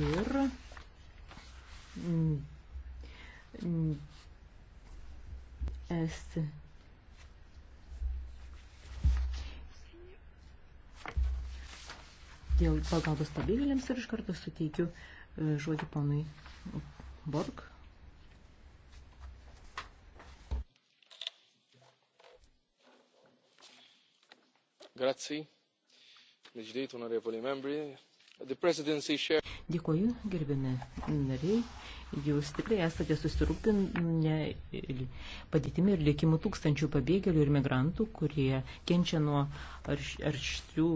ir es dėl pagalbos pabėgėliams ir iš karto suteikiu e, žodį ponui Borg. Grazie. Legislate, onorevoli membri, Dėkuoju, gerbėme nariai. Jūs tikrai esate susirūpinę padėtimi ir likimu tūkstančių pabėgėlių ir migrantų, kurie kenčia nuo arštrių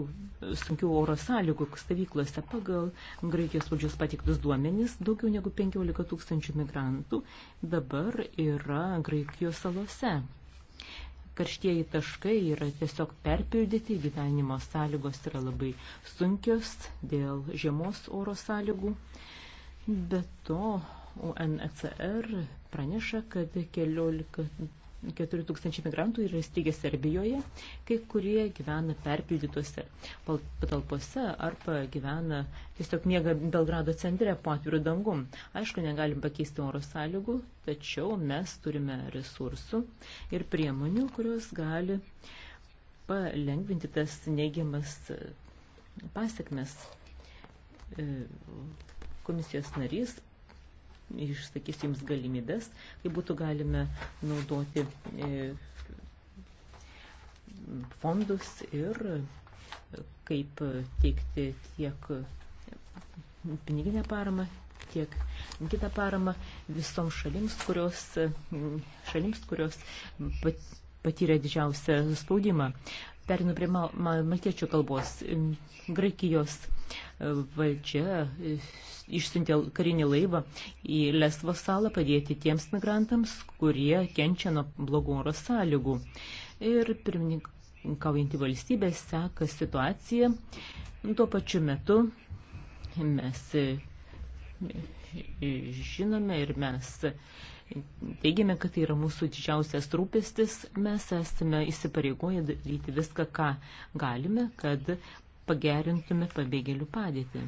sunkių oro sąlygų stovyklose. Pagal Graikijos valdžios patiktus duomenis, daugiau negu 15 tūkstančių migrantų dabar yra Graikijos salose karštieji taškai yra tiesiog perpildyti, gyvenimo sąlygos yra labai sunkios dėl žiemos oro sąlygų. Be to, UNECR praneša, kad keliolika 4 tūkstančiai migrantų yra įsteigę Serbijoje, kai kurie gyvena perpildytose patalpose arba gyvena tiesiog miega Belgrado centre po atvirų dangum. Aišku, negalim pakeisti oro sąlygų, tačiau mes turime resursų ir priemonių, kurios gali palengvinti tas neigiamas e, pasiekmes. E, komisijos narys išsakys jums galimybės, kaip būtų galime naudoti e, fondus ir kaip teikti tiek piniginę paramą, tiek kitą paramą visoms šalims, kurios, šalims, kurios patyrė didžiausią spaudimą. Perinu prie mal maltiečių kalbos. Graikijos e, valdžia e, išsintė karinį laivą į Lesvo salą padėti tiems migrantams, kurie kenčia nuo blogų oro sąlygų. Ir pirmininkaujantį valstybę seka situaciją. Tuo pačiu metu mes e, žinome ir mes teigiame, kad tai yra mūsų didžiausias rūpestis. Mes esame įsipareigoję daryti viską, ką galime, kad pagerintume pabėgėlių padėtį.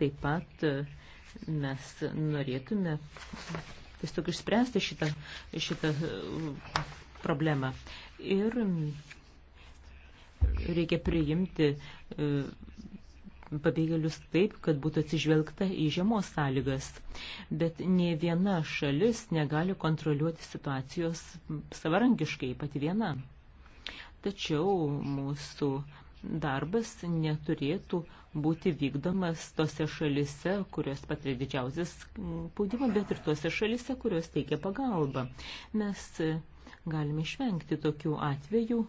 Taip pat e, mes norėtume tiesiog išspręsti šitą, šitą e, problemą. Ir reikia priimti e, pabėgėlius taip, kad būtų atsižvelgta į žiemos sąlygas. Bet ne viena šalis negali kontroliuoti situacijos savarankiškai, pati viena. Tačiau mūsų darbas neturėtų būti vykdomas tose šalise, kurios patiria didžiausias spaudimą, bet ir tose šalise, kurios teikia pagalbą. Mes galime išvengti tokių atvejų,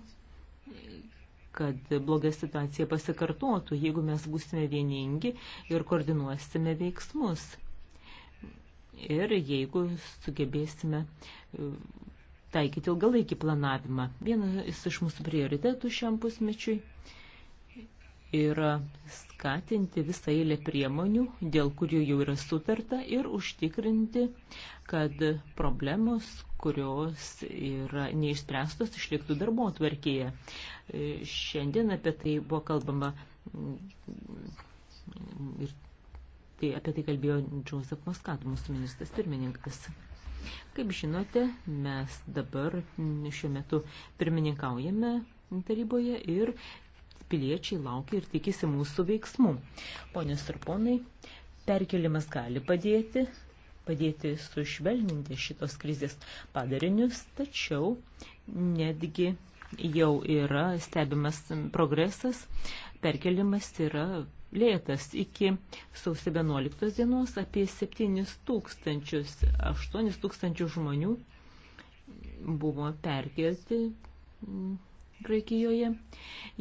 kad bloga situacija pasikartotų, jeigu mes būsime vieningi ir koordinuosime veiksmus. Ir jeigu sugebėsime e, taikyti ilgalaikį planavimą. Vienas iš mūsų prioritetų šiam pusmečiui yra skatinti visą eilę priemonių, dėl kurių jau yra sutarta ir užtikrinti, kad problemos, kurios yra neišspręstos, išliktų darbo atvarkėje. E, šiandien apie tai buvo kalbama mm, ir tai apie tai kalbėjo Joseph Muscat, mūsų ministras pirmininkas. Kaip žinote, mes dabar šiuo metu pirmininkaujame taryboje ir piliečiai laukia ir tikisi mūsų veiksmų. Ponios ir ponai, perkelimas gali padėti, padėti sušvelninti šitos krizės padarinius, tačiau netgi jau yra stebimas progresas, perkelimas yra lėtas. Iki sausio 11 dienos apie 7 tūkstančius, 8 tūkstančių žmonių buvo perkelti Graikijoje.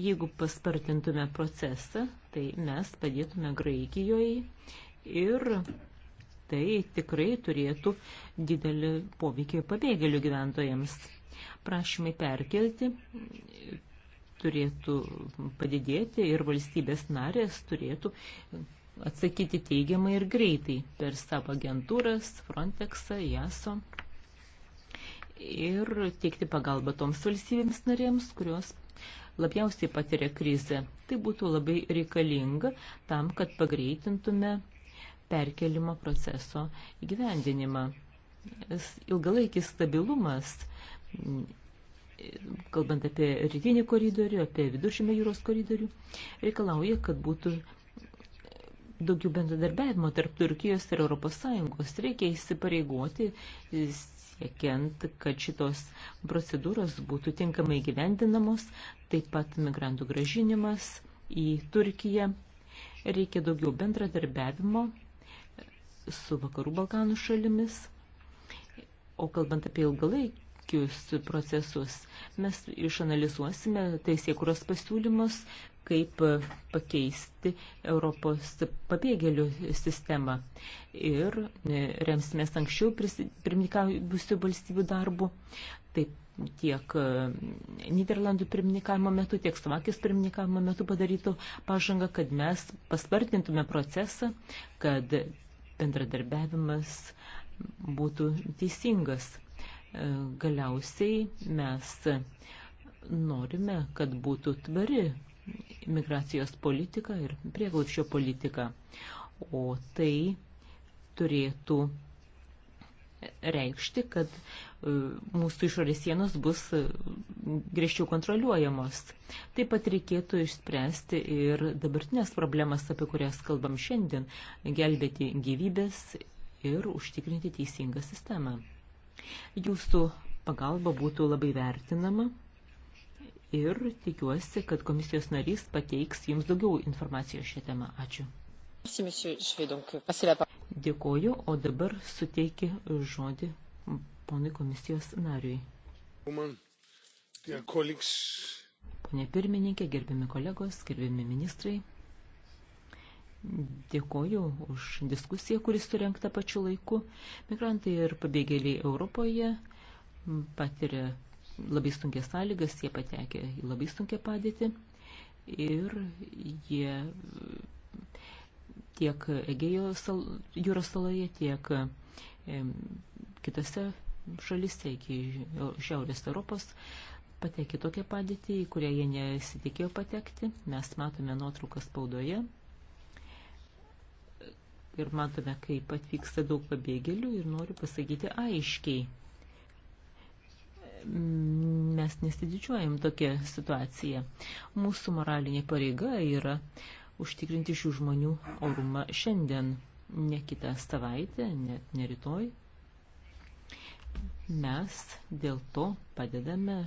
Jeigu paspartintume procesą, tai mes padėtume Graikijoje ir tai tikrai turėtų didelį poveikį pabėgėlių gyventojams. Prašymai perkelti turėtų padidėti ir valstybės narės turėtų atsakyti teigiamai ir greitai per savo agentūras, Frontexą, JASO ir teikti pagalbą toms valstybėms narėms, kurios labiausiai patiria krizę. Tai būtų labai reikalinga tam, kad pagreitintume perkelimo proceso įgyvendinimą. Ilgalaikis stabilumas, kalbant apie rytinį koridorių, apie viduržymę jūros koridorių, reikalauja, kad būtų daugiau bendradarbiavimo tarp Turkijos ir ES. Reikia įsipareigoti siekiant, kad šitos procedūros būtų tinkamai gyvendinamos, taip pat migrantų gražinimas į Turkiją. Reikia daugiau bendradarbiavimo su Vakarų Balkanų šalimis. O kalbant apie ilgalaikius procesus, mes išanalizuosime teisėkuros pasiūlymus, kaip pakeisti Europos pabėgėlių sistemą. Ir e, remsimės anksčiau pirmininkavusių valstybių darbų. Taip tiek e, Niderlandų pirmininkavimo metu, tiek Slovakijos pirmininkavimo metu padarytų pažangą, kad mes paspartintume procesą, kad bendradarbiavimas būtų teisingas. E, galiausiai mes norime, kad būtų tvari migracijos politiką ir prieglapščio politiką. O tai turėtų reikšti, kad e, mūsų išorės sienos bus e, griežčiau kontroliuojamos. Taip pat reikėtų išspręsti ir dabartinės problemas, apie kurias kalbam šiandien - gelbėti gyvybės ir užtikrinti teisingą sistemą. Jūsų pagalba būtų labai vertinama ir tikiuosi, kad komisijos narys pateiks jums daugiau informacijos šią temą. Ačiū. Dėkoju, o dabar suteikia žodį ponui komisijos nariui. Pone pirmininkė, gerbiami kolegos, gerbiami ministrai, dėkoju už diskusiją, kuris surengta pačiu laiku. Migrantai ir pabėgėliai Europoje patiria labai sunkia sąlygas, jie patekė į labai sunkia padėtį ir jie tiek Egejo sal, jūros saloje, tiek e, kitose šalise iki Šiaurės Europos patekė tokią padėtį, į kurią jie nesitikėjo patekti. Mes matome nuotrauką spaudoje ir matome, kaip atvyksta daug pabėgėlių ir noriu pasakyti aiškiai mes nesididžiuojam tokią situaciją. Mūsų moralinė pareiga yra užtikrinti šių žmonių orumą šiandien, ne kitą savaitę, net ne rytoj. Mes dėl to padedame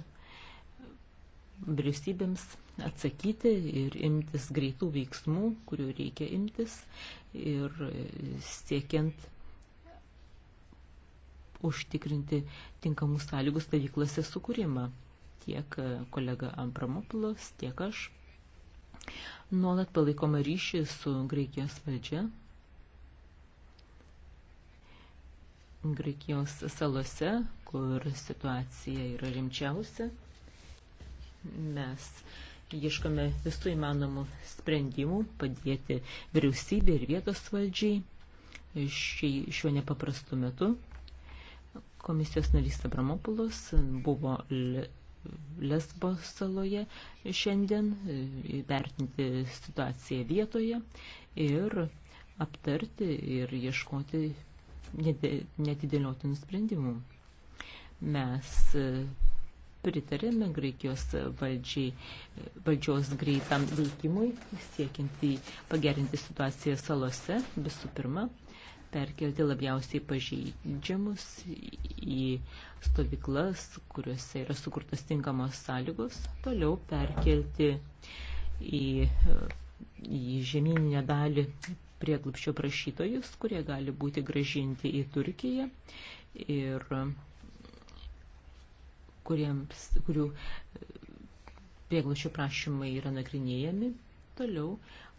vyriausybėms atsakyti ir imtis greitų veiksmų, kurių reikia imtis ir siekiant užtikrinti tinkamų sąlygų stovyklose sukūrimą. Tiek e, kolega Ampramopulos, tiek aš nuolat palaikoma ryšį su Graikijos valdžia. Graikijos salose, kur situacija yra rimčiausia, mes ieškome visų įmanomų sprendimų padėti vyriausybė ir vietos valdžiai šiuo nepaprastu metu. Komisijos narys Abramopulos buvo Lesbo saloje šiandien e, vertinti situaciją vietoje ir aptarti ir ieškoti netidėliotinų sprendimų. Mes e, pritarėme Graikijos valdžiai, e, valdžios greitam veikimui, siekinti pagerinti situaciją salose visų pirma perkelti labiausiai pažeidžiamus į stovyklas, kuriuose yra sukurtos tinkamos sąlygos, toliau perkelti į, į žemyninę dalį prieglupščio prašytojus, kurie gali būti gražinti į Turkiją ir kuriems, kurių prieglupščio prašymai yra nagrinėjami, toliau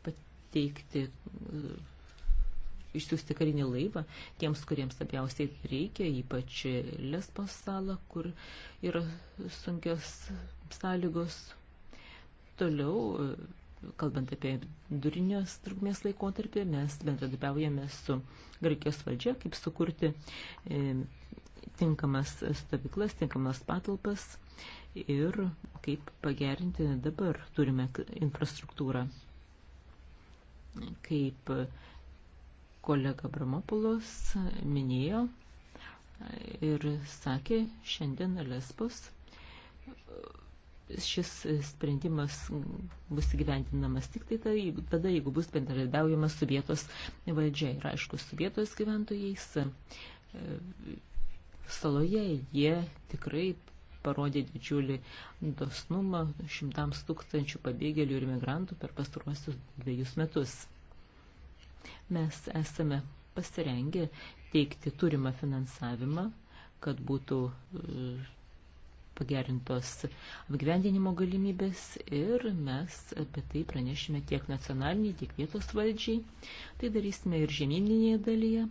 pateikti išsiųsti karinį laivą tiems, kuriems labiausiai reikia, ypač Lesbos salą, kur yra sunkios sąlygos. Toliau, kalbant apie durinės trukmės laikotarpį, mes bendradarbiaujame su Graikijos valdžia, kaip sukurti e, tinkamas stovyklas, tinkamas patalpas ir kaip pagerinti dabar turime infrastruktūrą kaip kolega Bramapulos minėjo ir sakė šiandien Lesbos. Šis sprendimas bus gyventinamas tik tai, tai tada, jeigu bus bendradarbiaujama su vietos valdžia ir aišku, su vietos gyventojais. E, saloje jie tikrai parodė didžiulį dosnumą šimtams tūkstančių pabėgėlių ir migrantų per pastaruosius dviejus metus. Mes esame pasirengę teikti turimą finansavimą, kad būtų e, pagerintos apgyvendinimo galimybės ir mes apie tai pranešime tiek nacionaliniai, tiek vietos valdžiai. Tai darysime ir žemyninėje dalyje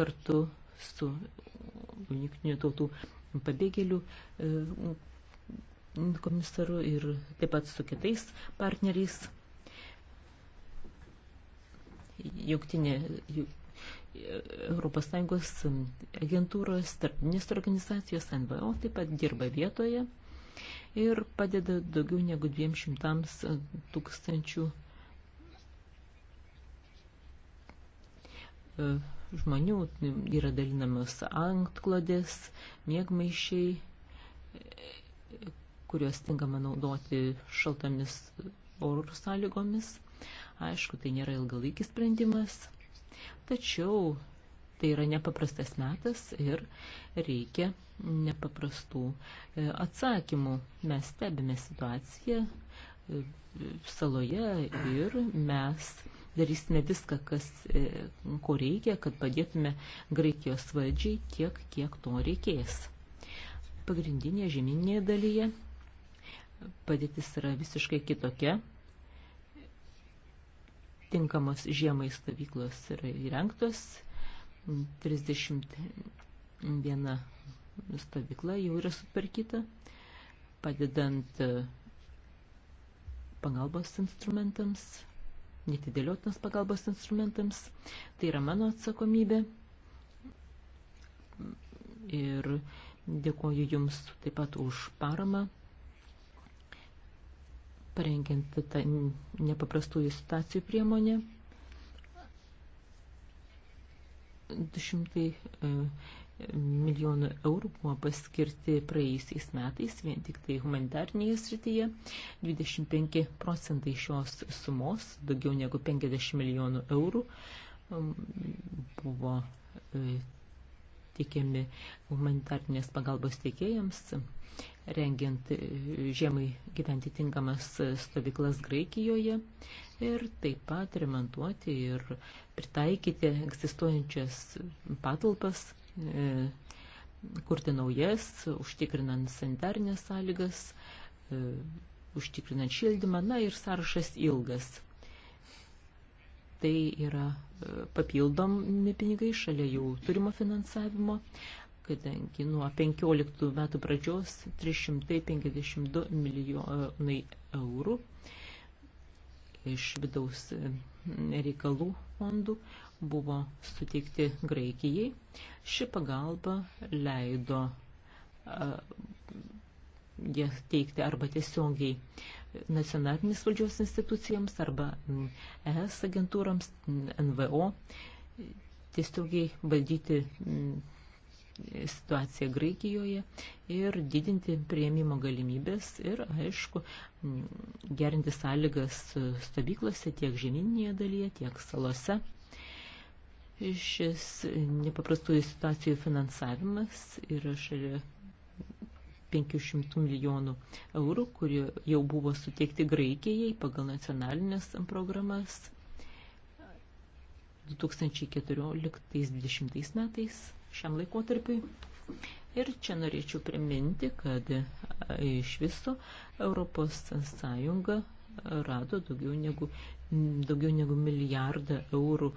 kartu su jungtinių tautų pabėgėlių e, komisaru ir taip pat su kitais partneriais jungtinė Europos Sąjungos agentūros, tarpinės organizacijos NVO taip pat dirba vietoje ir padeda daugiau negu 200 tūkstančių e, žmonių. Yra dalinamos antklodės, mėgmaišiai, kuriuos tinkama naudoti šaltomis orų sąlygomis Aišku, tai nėra ilgalaikis sprendimas, tačiau tai yra nepaprastas metas ir reikia nepaprastų e, atsakymų. Mes stebime situaciją e, saloje ir mes darysime viską, kas, e, ko reikia, kad padėtume Graikijos valdžiai tiek, kiek to reikės. Pagrindinėje žemynėje dalyje padėtis yra visiškai kitokia tinkamos žiemai stovyklos yra įrengtos. 31 stovykla jau yra sutvarkyta, padedant pagalbos instrumentams, netidėliotinas pagalbos instrumentams. Tai yra mano atsakomybė. Ir dėkoju Jums taip pat už paramą parengiant tą nepaprastųjų situacijų priemonę. 200 e, milijonų eurų buvo paskirti praėjusiais metais vien tik tai humanitarnėje srityje. 25 procentai šios sumos, daugiau negu 50 milijonų eurų, buvo e, teikiami humanitarnės pagalbos teikėjams, rengiant e, žiemai gyventi tinkamas stovyklas Graikijoje ir taip pat remontuoti ir pritaikyti egzistuojančias patalpas, e, kurti naujas, užtikrinant sanitarnės sąlygas, e, užtikrinant šildymą, na ir sąrašas ilgas. Tai yra e, papildomi pinigai šalia jų turimo finansavimo, kadangi nuo 15 metų pradžios 352 milijonai eurų iš vidaus e, reikalų fondų buvo suteikti Graikijai. Ši pagalba leido jie teikti arba tiesiogiai nacionalinės valdžios institucijams arba ES agentūrams, NVO, tiesiogiai valdyti mm, situaciją Graikijoje ir didinti prieimimo galimybės ir, aišku, mm, gerinti sąlygas stovyklose tiek žemyninėje dalyje, tiek salose. Šis nepaprastųjų situacijų finansavimas yra šalia 500 milijonų eurų, kurie jau buvo suteikti Graikijai pagal nacionalinės programas 2014-2020 metais šiam laikotarpiui. Ir čia norėčiau priminti, kad e, iš viso Europos Sąjunga rado daugiau negu, daugiau negu milijardą eurų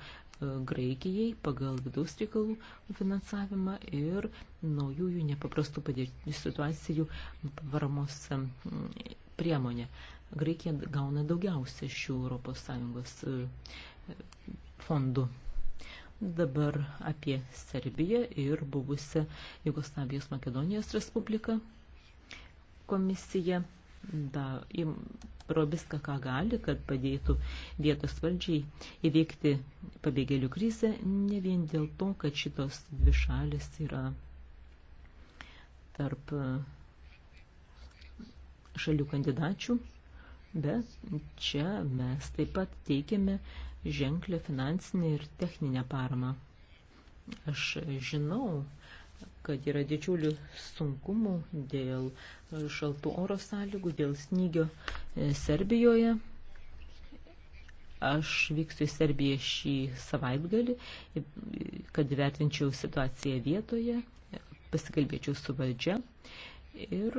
Graikijai pagal vidaus reikalų finansavimą ir naujųjų nepaprastų padėčių situacijų paramos priemonė. Graikija gauna daugiausia šių ES e, fondų. Dabar apie Serbiją ir buvusią Jugoslavijos Makedonijos Respubliką. Komisija da, im, daro viską, ką gali, kad padėtų vietos valdžiai įveikti pabėgėlių krizę, ne vien dėl to, kad šitos dvi šalis yra tarp e, šalių kandidačių, bet čia mes taip pat teikiame ženklę finansinę ir techninę paramą. Aš žinau, kad yra didžiulių sunkumų dėl e, šaltų oro sąlygų, dėl snygio e, Serbijoje. Aš vyksiu į Serbiją šį savaitgalį, kad vertinčiau situaciją vietoje, pasikalbėčiau su valdžia ir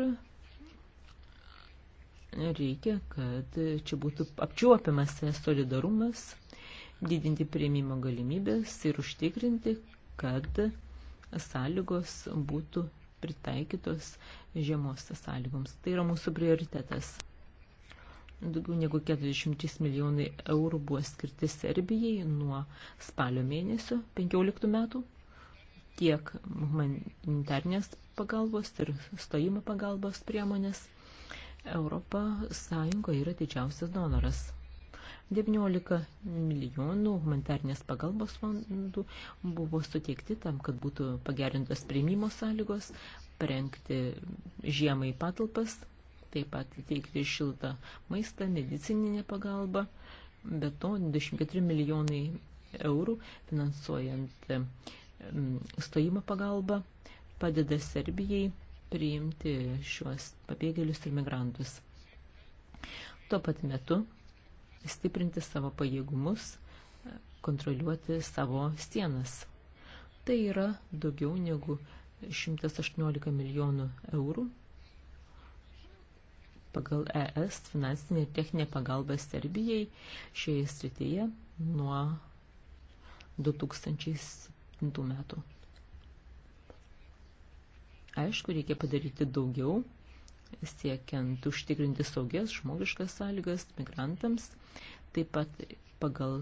reikia, kad čia būtų apčiuopiamas solidarumas, didinti prieimimo galimybės ir užtikrinti, kad sąlygos būtų pritaikytos žiemos sąlygoms. Tai yra mūsų prioritetas. Daugiau negu 40 milijonai eurų buvo skirti Serbijai nuo spalio mėnesio 15 metų tiek humanitarnės pagalbos ir stojimo pagalbos priemonės. Europos Sąjunga yra didžiausias donoras. 19 milijonų humanitarnės pagalbos fondų buvo suteikti tam, kad būtų pagerintos prieimimo sąlygos, parengti žiemai patalpas, taip pat teikti šiltą maistą, medicininę pagalbą. Be to, 24 milijonai eurų finansuojant stojimo pagalbą padeda Serbijai priimti šiuos pabėgėlius ir migrantus. Tuo pat metu stiprinti savo pajėgumus, kontroliuoti savo sienas. Tai yra daugiau negu 118 milijonų eurų pagal ES finansinė ir techninė pagalba Serbijai šioje srityje nuo 2007 metų. Aišku, reikia padaryti daugiau, siekiant užtikrinti saugias žmogiškas sąlygas migrantams, taip pat pagal,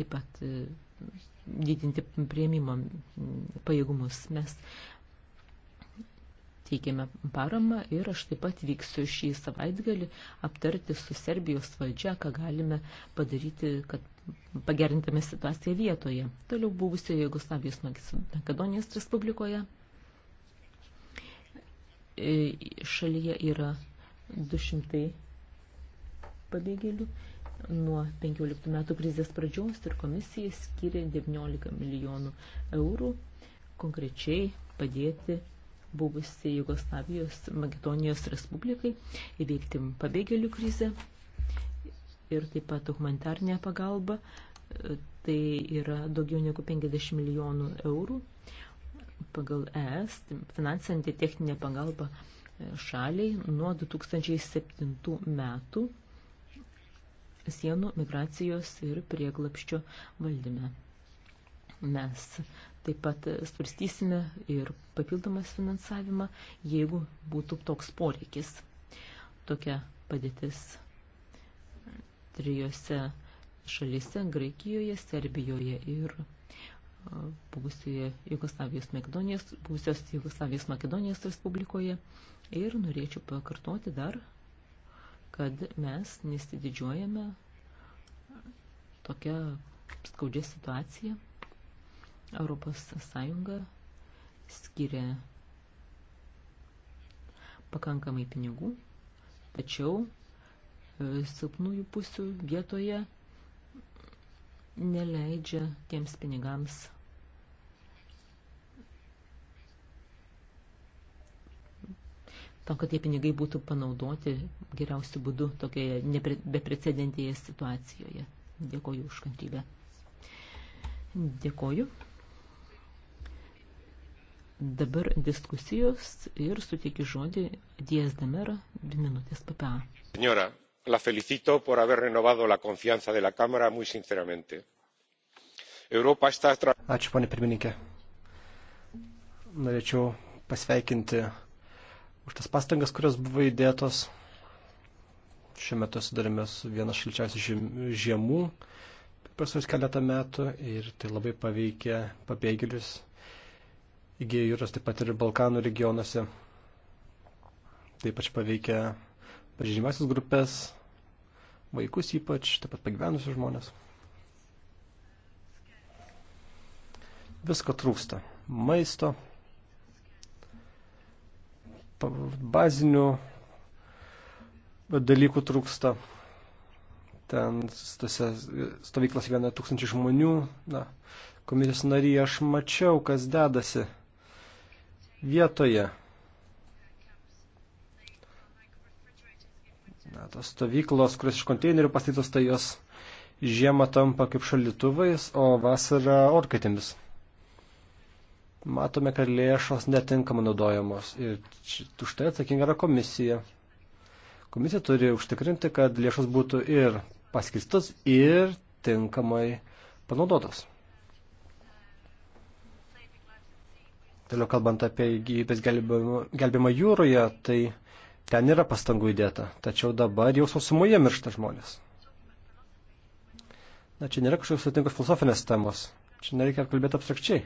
taip pat e, didinti prieimimo mm, pajėgumus. Mes teikiame paramą ir aš taip pat vyksiu šį savaitgalį aptarti su Serbijos valdžia, ką galime padaryti, kad pagerintume situaciją vietoje. Toliau buvusioje Jugoslavijos Makedonijos Respublikoje E, šalyje yra 200 pabėgėlių. Nuo 15 metų krizės pradžios ir komisija skiria 19 milijonų eurų konkrečiai padėti buvusiai Jugoslavijos Makedonijos Respublikai įveikti pabėgėlių krizę ir taip pat humanitarnė pagalba. E, tai yra daugiau negu 50 milijonų eurų pagal ES finansinti techninę pagalbą e, šaliai nuo 2007 metų sienų migracijos ir prieglapščio valdyme. Mes taip pat svarstysime ir papildomas finansavimą, jeigu būtų toks poreikis. Tokia padėtis trijose šalise - Graikijoje, Serbijoje ir buvusioje Jugoslavijos Makedonijos, buvusios Jugoslavijos Makedonijos Respublikoje. Ir norėčiau pakartoti dar, kad mes nesididžiuojame tokią skaudžią situaciją. Europos Sąjunga skiria pakankamai pinigų, tačiau e, silpnųjų pusių vietoje neleidžia tiems pinigams tam, kad tie pinigai būtų panaudoti geriausių būdų tokioje beprecedentėje situacijoje. Dėkoju už kantrybę. Dėkoju. Dabar diskusijos ir suteikiu žodį Dies Damera, dvi minutės PPA. Señora, la felicito por haber renovado la confianza de la Cámara muy sinceramente. Está... Ačiū, ponė pirmininkė. Norėčiau pasveikinti už tas pastangas, kurios buvo įdėtos. Šiuo metu sudarėme su viena šilčiausių žiemų pasus keletą metų ir tai labai paveikė pabėgėlius įgyjo jūros, taip pat ir Balkanų regionuose. Taip pat paveikia pažymiausias grupės, vaikus ypač, taip pat pagyvenusius žmonės. Visko trūksta. Maisto, bazinių dalykų trūksta. Ten tose stovyklas gyvena tūkstančiai žmonių. Na, komisijos nariai aš mačiau, kas dedasi vietoje. Na, tos stovyklos, kurios iš konteinerių pastatytos, tai jos žiemą tampa kaip šalituvais, o vasarą orkaitėmis matome, kad lėšos netinkamai naudojamos ir už tai atsakinga yra komisija. Komisija turi užtikrinti, kad lėšos būtų ir paskirstos, ir tinkamai panaudotos. Toliau kalbant apie gyvybės gelbimą jūroje, tai ten yra pastangų įdėta, tačiau dabar jau sausumoje miršta žmonės. Na, čia nėra kažkokios sutinkos filosofinės temos, čia nereikia kalbėti abstrakčiai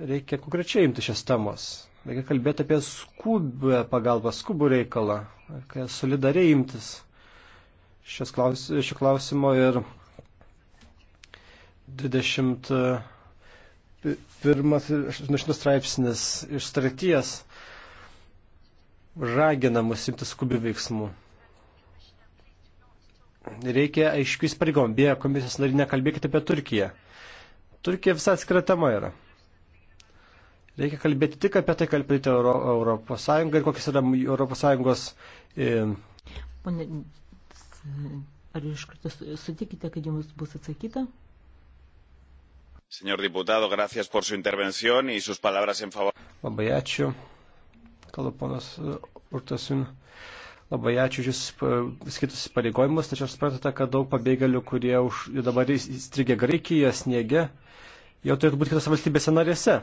reikia konkrečiai imti šias temos. Reikia kalbėti apie skubę pagalbą, skubų reikalą, reikia solidariai imtis šio klaus, klausimo ir 21 straipsnis iš starties ragina mus imti skubių veiksmų. Reikia aiškių įsipareigomų. Beje, komisijos nariai nekalbėkite apie Turkiją. Turkija visai atskira tema yra. Reikia kalbėti tik apie tai, kalbėti Euro, Europos Sąjungą ir kokias yra Europos Sąjungos. E, Pone, ar iš karto sutikite, kad jums bus atsakyta? Señor diputado, gracias por su intervención y sus palabras en favor. Labai ačiū. Kalba ponas e, Urtasin. Labai ačiū už jūsų e, skirtus pareigojimus, tačiau suprantate, kad daug pabėgėlių, kurie už, dabar įstrigė Graikijoje, sniege, jau turėtų būti kitose valstybėse narėse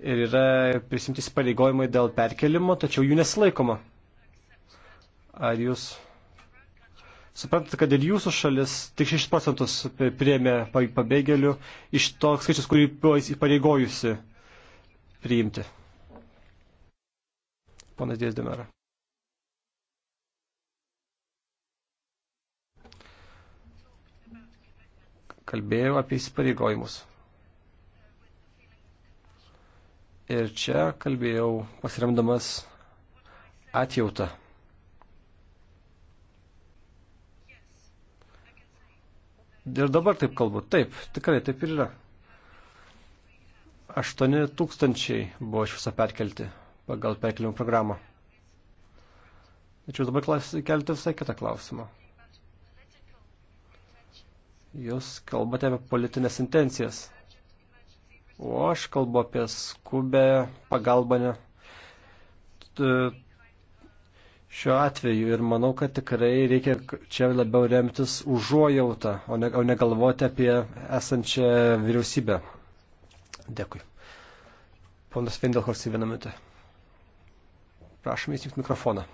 ir yra prisimti įsipareigojimai dėl perkelimo, tačiau jų nesilaikoma. Ar jūs suprantate, kad ir jūsų šalis tik 6 procentus priėmė pabėgėlių iš to skaičius, kurį buvo įpareigojusi priimti? Ponas Dėsdemera. Kalbėjau apie įsipareigojimus. Ir čia kalbėjau pasiremdamas atjautą. Ir dabar taip kalbu. Taip, tikrai taip ir yra. 8 tūkstančiai buvo iš viso perkelti pagal perkelimų programą. Tačiau dabar kelti visai kitą klausimą. Jūs kalbate apie politinės intencijas. O aš kalbu apie skubę pagalbą ne... šiuo atveju ir manau, kad tikrai reikia čia labiau remtis užuojautą, o ne, o ne galvoti apie esančią vyriausybę. Dėkui. Ponas Vindelhors į vieną minutę. Prašom įsijungti mikrofoną.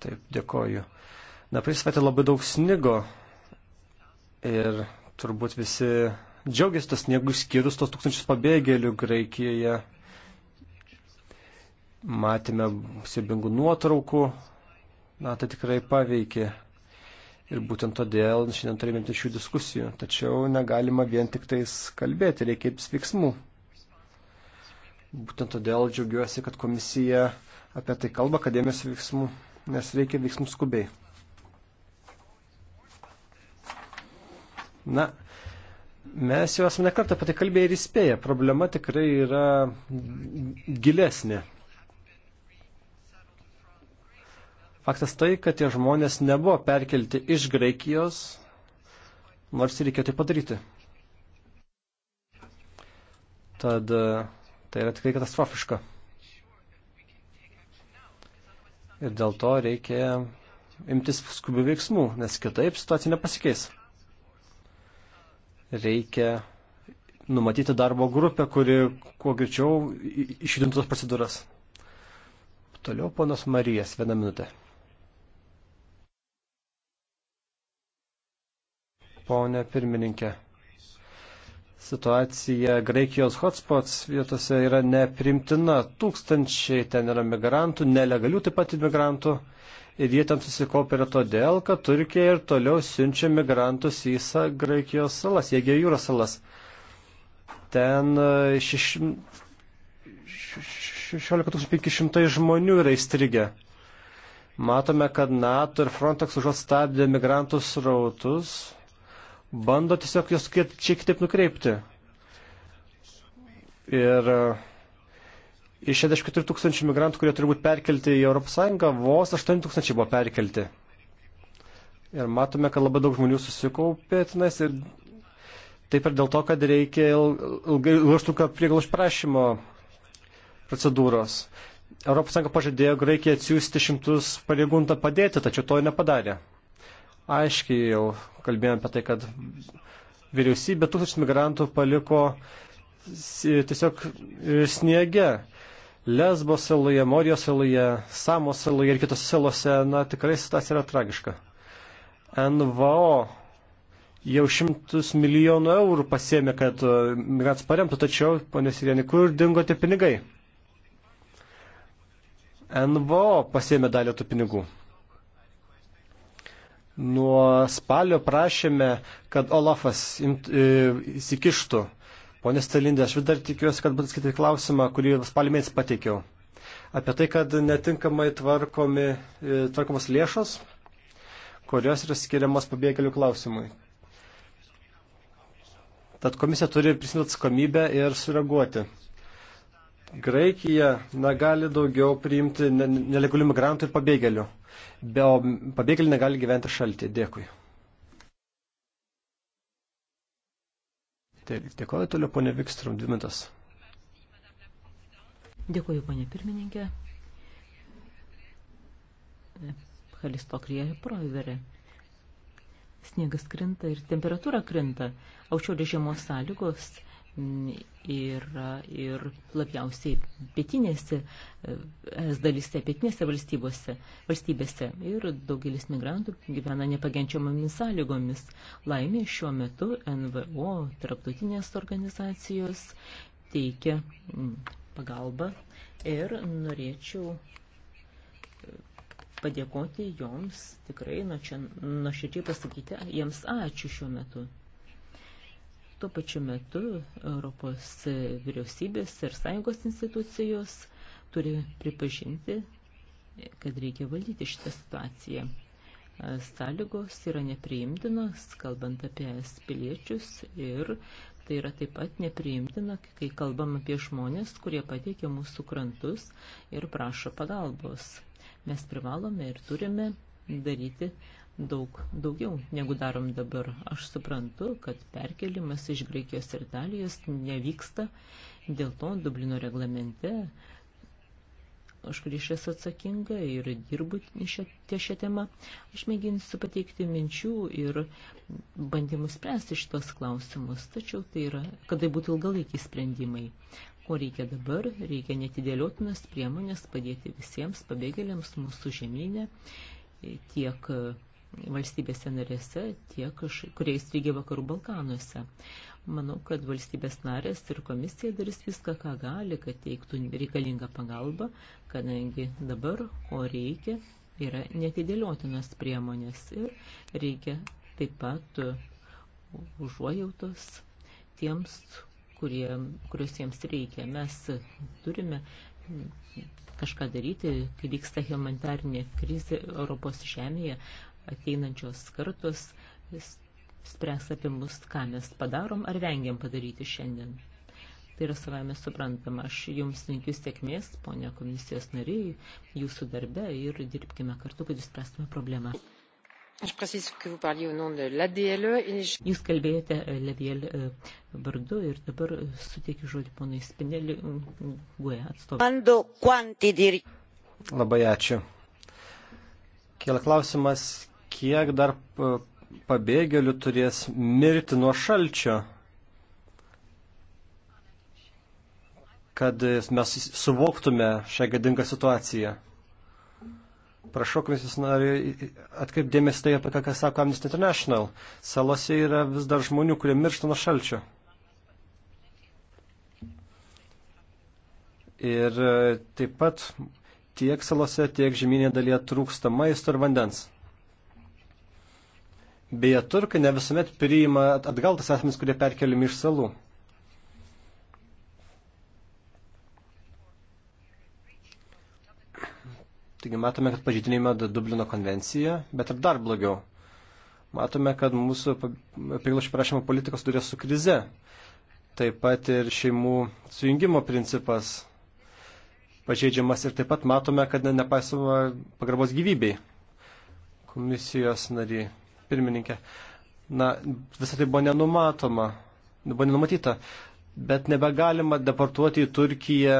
Taip, dėkoju. Na, praeis savaitę labai daug snigo ir turbūt visi džiaugiasi tas sniegu išskyrus tos tūkstančius pabėgėlių Graikijoje. Matėme siubingų nuotraukų, na, tai tikrai paveikė. Ir būtent todėl šiandien turime imti šių diskusijų. Tačiau negalima vien tik tais kalbėti, reikia imtis veiksmų. Būtent todėl džiaugiuosi, kad komisija apie tai kalba, kad ėmėsi veiksmų, nes reikia veiksmų skubiai. Na, mes jau esame nekartą apie tai kalbėję ir įspėję. Problema tikrai yra gilesnė. Faktas tai, kad tie žmonės nebuvo perkelti iš Graikijos, nors ir reikėjo tai padaryti. Tad e, tai yra tikrai katastrofiška. Ir dėl to reikia imtis skubių veiksmų, nes kitaip situacija nepasikeis reikia numatyti darbo grupę, kuri kuo greičiau išjudintų tas procedūras. Toliau ponas Marijas, vieną minutę. Pone pirmininkė, situacija Graikijos hotspots vietose yra neprimtina. Tūkstančiai ten yra migrantų, nelegalių taip pat imigrantų ir jie tam susikaupė yra todėl, kad Turkija ir toliau siunčia migrantus į Graikijos salas, į Gėjūros salas. Ten 16500 e, žmonių yra įstrigę. Matome, kad NATO ir Frontex užuot stabdė migrantų srautus, bando tiesiog juos šiek tiek nukreipti. Ir uh, Iš 64 tūkstančių migrantų, kurie turi būti perkelti į ES, vos 8 tūkstančiai buvo perkelti. Ir matome, kad labai daug žmonių susikaupė tenais ir taip ir dėl to, kad reikia ilgai užtruka prieglaus prašymo procedūros. ES pažadėjo Graikijai atsiųsti šimtus pareigūntą padėti, tačiau to nepadarė. Aiškiai jau kalbėjome apie tai, kad vyriausybė tūkstančius migrantų paliko tiesiog sniege. Lesbo saloje, Morijos saloje, Samo saloje ir kitose salose, na tikrai situacija yra tragiška. NVO jau šimtus milijonų eurų pasėmė, kad e, migratus paremtų, tačiau, ponės Irėni, kur dingo tie pinigai? NVO pasėmė dalį tų pinigų. Nuo spalio prašėme, kad Olafas imt, e, įsikištų Pone Stalindė, aš vis dar tikiuosi, kad bus skaityti klausimą, kurį spalimės pateikiau. Apie tai, kad netinkamai tvarkomi, e, tvarkomos lėšos, kurios yra skiriamas pabėgėlių klausimui. Tad komisija turi prisimti atsakomybę ir sureaguoti. Graikija negali daugiau priimti nelegalių migrantų ir pabėgėlių, be pabėgėlių negali gyventi šalti. Dėkui. Dėkoju toliau, ponė Vikstrom, dvi mintas. Dėkoju, ponė pirmininkė. Halisto kriejų proverė. Sniegas krinta ir temperatūra krinta. Aukščiau dėžiamos sąlygos yra ir labiausiai pietinėse e, es dalyse, pietinėse valstybėse, valstybėse. Ir daugelis migrantų gyvena nepagenčiamomis sąlygomis. Laimė šiuo metu NVO, tarptautinės organizacijos, teikia mm, pagalbą ir norėčiau e, padėkoti joms tikrai nuoširdžiai pasakyti jiems ačiū šiuo metu. Tuo pačiu metu Europos vyriausybės ir sąjungos institucijos turi pripažinti, kad reikia valdyti šitą situaciją. Sąlygos yra nepriimtinos, kalbant apie es piliečius ir tai yra taip pat nepriimtina, kai kalbam apie žmonės, kurie pateikia mūsų krantus ir prašo pagalbos. Mes privalome ir turime daryti daug daugiau negu darom dabar. Aš suprantu, kad perkelimas iš Graikijos ir Italijos nevyksta, dėl to Dublino reglamente aš kuris esu atsakinga ir dirbu ties šią temą, aš mėginsiu pateikti minčių ir bandymus spręsti šitos klausimus, tačiau tai yra, kad tai būtų ilgalaikiai sprendimai. Ko reikia dabar? Reikia netidėliotinas priemonės padėti visiems pabėgėliams mūsų žemynė, tiek valstybėse narėse, tiek kuriais lygiai vakarų Balkanuose. Manau, kad valstybės narės ir komisija darys viską, ką gali, kad teiktų reikalingą pagalbą, kadangi dabar, ko reikia, yra netidėliotinas priemonės ir reikia taip pat užuojautos tiems, kurie, kurios jiems reikia. Mes turime kažką daryti, kai vyksta humanitarinė krizė Europos žemėje, ateinančios kartos spręs apie mus, ką mes padarom ar vengiam padaryti šiandien. Tai yra savame suprantama. Aš jums linkiu sėkmės, ponia komisijos nariai, jūsų darbe ir dirbkime kartu, kad išspręstume problemą. E Jūs kalbėjote Ladėl e, e, vardu ir dabar suteikiu žodį ponai Spinelį Guė atstovui. Labai ačiū. Kėlė klausimas, kiek dar pabėgėlių turės mirti nuo šalčio, kad mes suvoktume šią gadingą situaciją. Prašau, komisijos nariai, atkreipdėmės tai, apie ką sako Amnesty International. Salose yra vis dar žmonių, kurie miršta nuo šalčio. Ir e, taip pat tiek salose, tiek žemynė dalyje trūksta maisto ir vandens. Beje, turkai ne visuomet priima atgal tas asmenys, kurie perkeliami iš salų. Taigi matome, kad pažydinėjame Dublino konvenciją, bet ir dar blogiau. Matome, kad mūsų priglašio prašymo politikos durės su krize. Taip pat ir šeimų sujungimo principas pažeidžiamas ir taip pat matome, kad nepaisoma pagarbos gyvybei. Komisijos nariai pirmininkė. Na, visą tai buvo nenumatoma, buvo nenumatyta, bet nebegalima deportuoti į Turkiją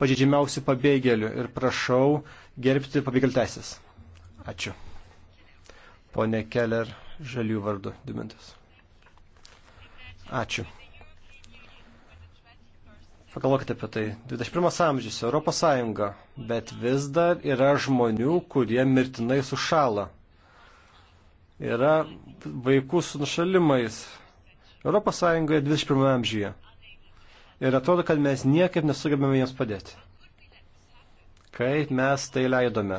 pažydžiamiausių pabėgėlių ir prašau gerbti pabėgėlių teisės. Ačiū. Pone Keller, žalių vardu, Dimintas. Ačiū. Pagalvokite apie tai. 21 amžius, Europos Sąjunga, bet vis dar yra žmonių, kurie mirtinai sušala yra vaikų su nušalimais Europos Sąjungoje 21 amžyje. Ir atrodo, kad mes niekaip nesugebėme jiems padėti. Kaip mes tai leidome,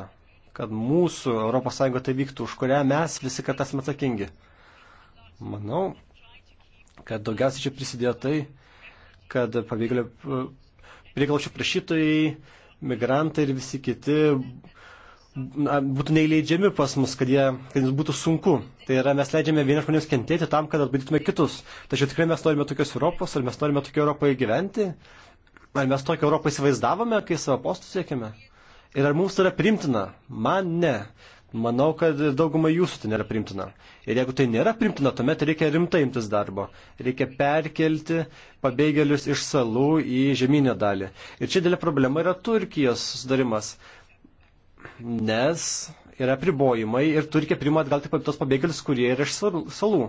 kad mūsų Europos Sąjunga tai vyktų, už kurią mes visi kartą esame atsakingi. Manau, kad daugiausiai čia prisidėjo tai, kad pabėgėlių prieglaučių prašytojai, migrantai ir visi kiti na, būtų neįleidžiami pas mus, kad, jie, kad jiems būtų sunku. Tai yra, mes leidžiame vieni žmonėms kentėti tam, kad atbaidytume kitus. Tačiau tikrai mes norime tokios Europos, ar mes norime tokio Europoje gyventi, ar mes tokią Europą įsivaizdavome, kai savo postų siekime. Ir ar mums tai yra primtina? Man ne. Manau, kad daugumai jūsų tai nėra primtina. Ir jeigu tai nėra primtina, tuomet reikia rimtai imtis darbo. Reikia perkelti pabėgėlius iš salų į žemynę dalį. Ir čia dėlė problema yra Turkijos susidarimas nes yra pribojimai ir Turkija priima atgal tik tos pabėgėlius, kurie yra iš salų.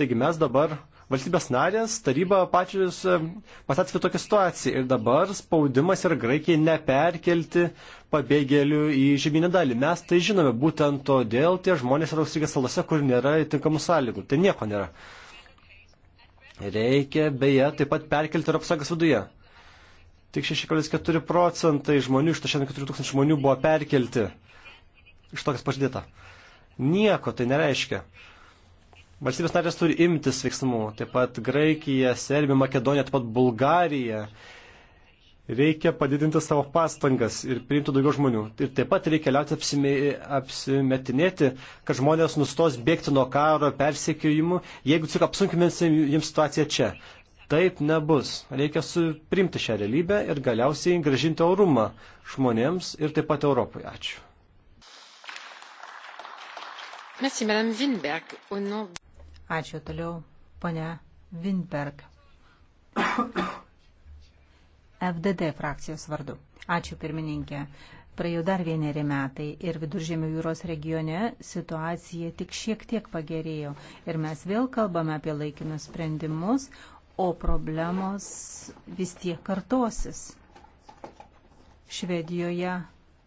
Taigi mes dabar, valstybės narės, taryba pačius e, pasatskė tokią situaciją ir dabar spaudimas yra Graikijai neperkelti pabėgėlių į žemynę dalį. Mes tai žinome, būtent todėl tie žmonės yra užsigę salose, kur nėra tinkamų sąlygų. Tai nieko nėra. Reikia beje taip pat perkelti ir apsagas viduje. Tik 6,4 procentai žmonių iš 64 tūkstančių žmonių buvo perkelti iš to, kas pažadėta. Nieko tai nereiškia. Valstybės narės turi imtis veiksmų. Taip pat Graikija, Serbija, Makedonija, taip pat Bulgarija. Reikia padidinti savo pastangas ir priimti daugiau žmonių. Ir taip pat reikia liauti apsime, apsimetinėti, kad žmonės nustos bėgti nuo karo, persekiojimų, jeigu tik apsunkinsime jiems situaciją čia. Taip nebus. Reikia suprimti šią realybę ir galiausiai gražinti orumą žmonėms ir taip pat Europai. Ačiū. Merci, Madame Winberg. Nom... Ačiū toliau, ponia Winberg. FDD frakcijos vardu. Ačiū pirmininkė. Praėjo dar vieneri metai ir viduržėmio jūros regione situacija tik šiek tiek pagerėjo. Ir mes vėl kalbame apie laikinus sprendimus, o problemos vis tiek kartosis. Švedijoje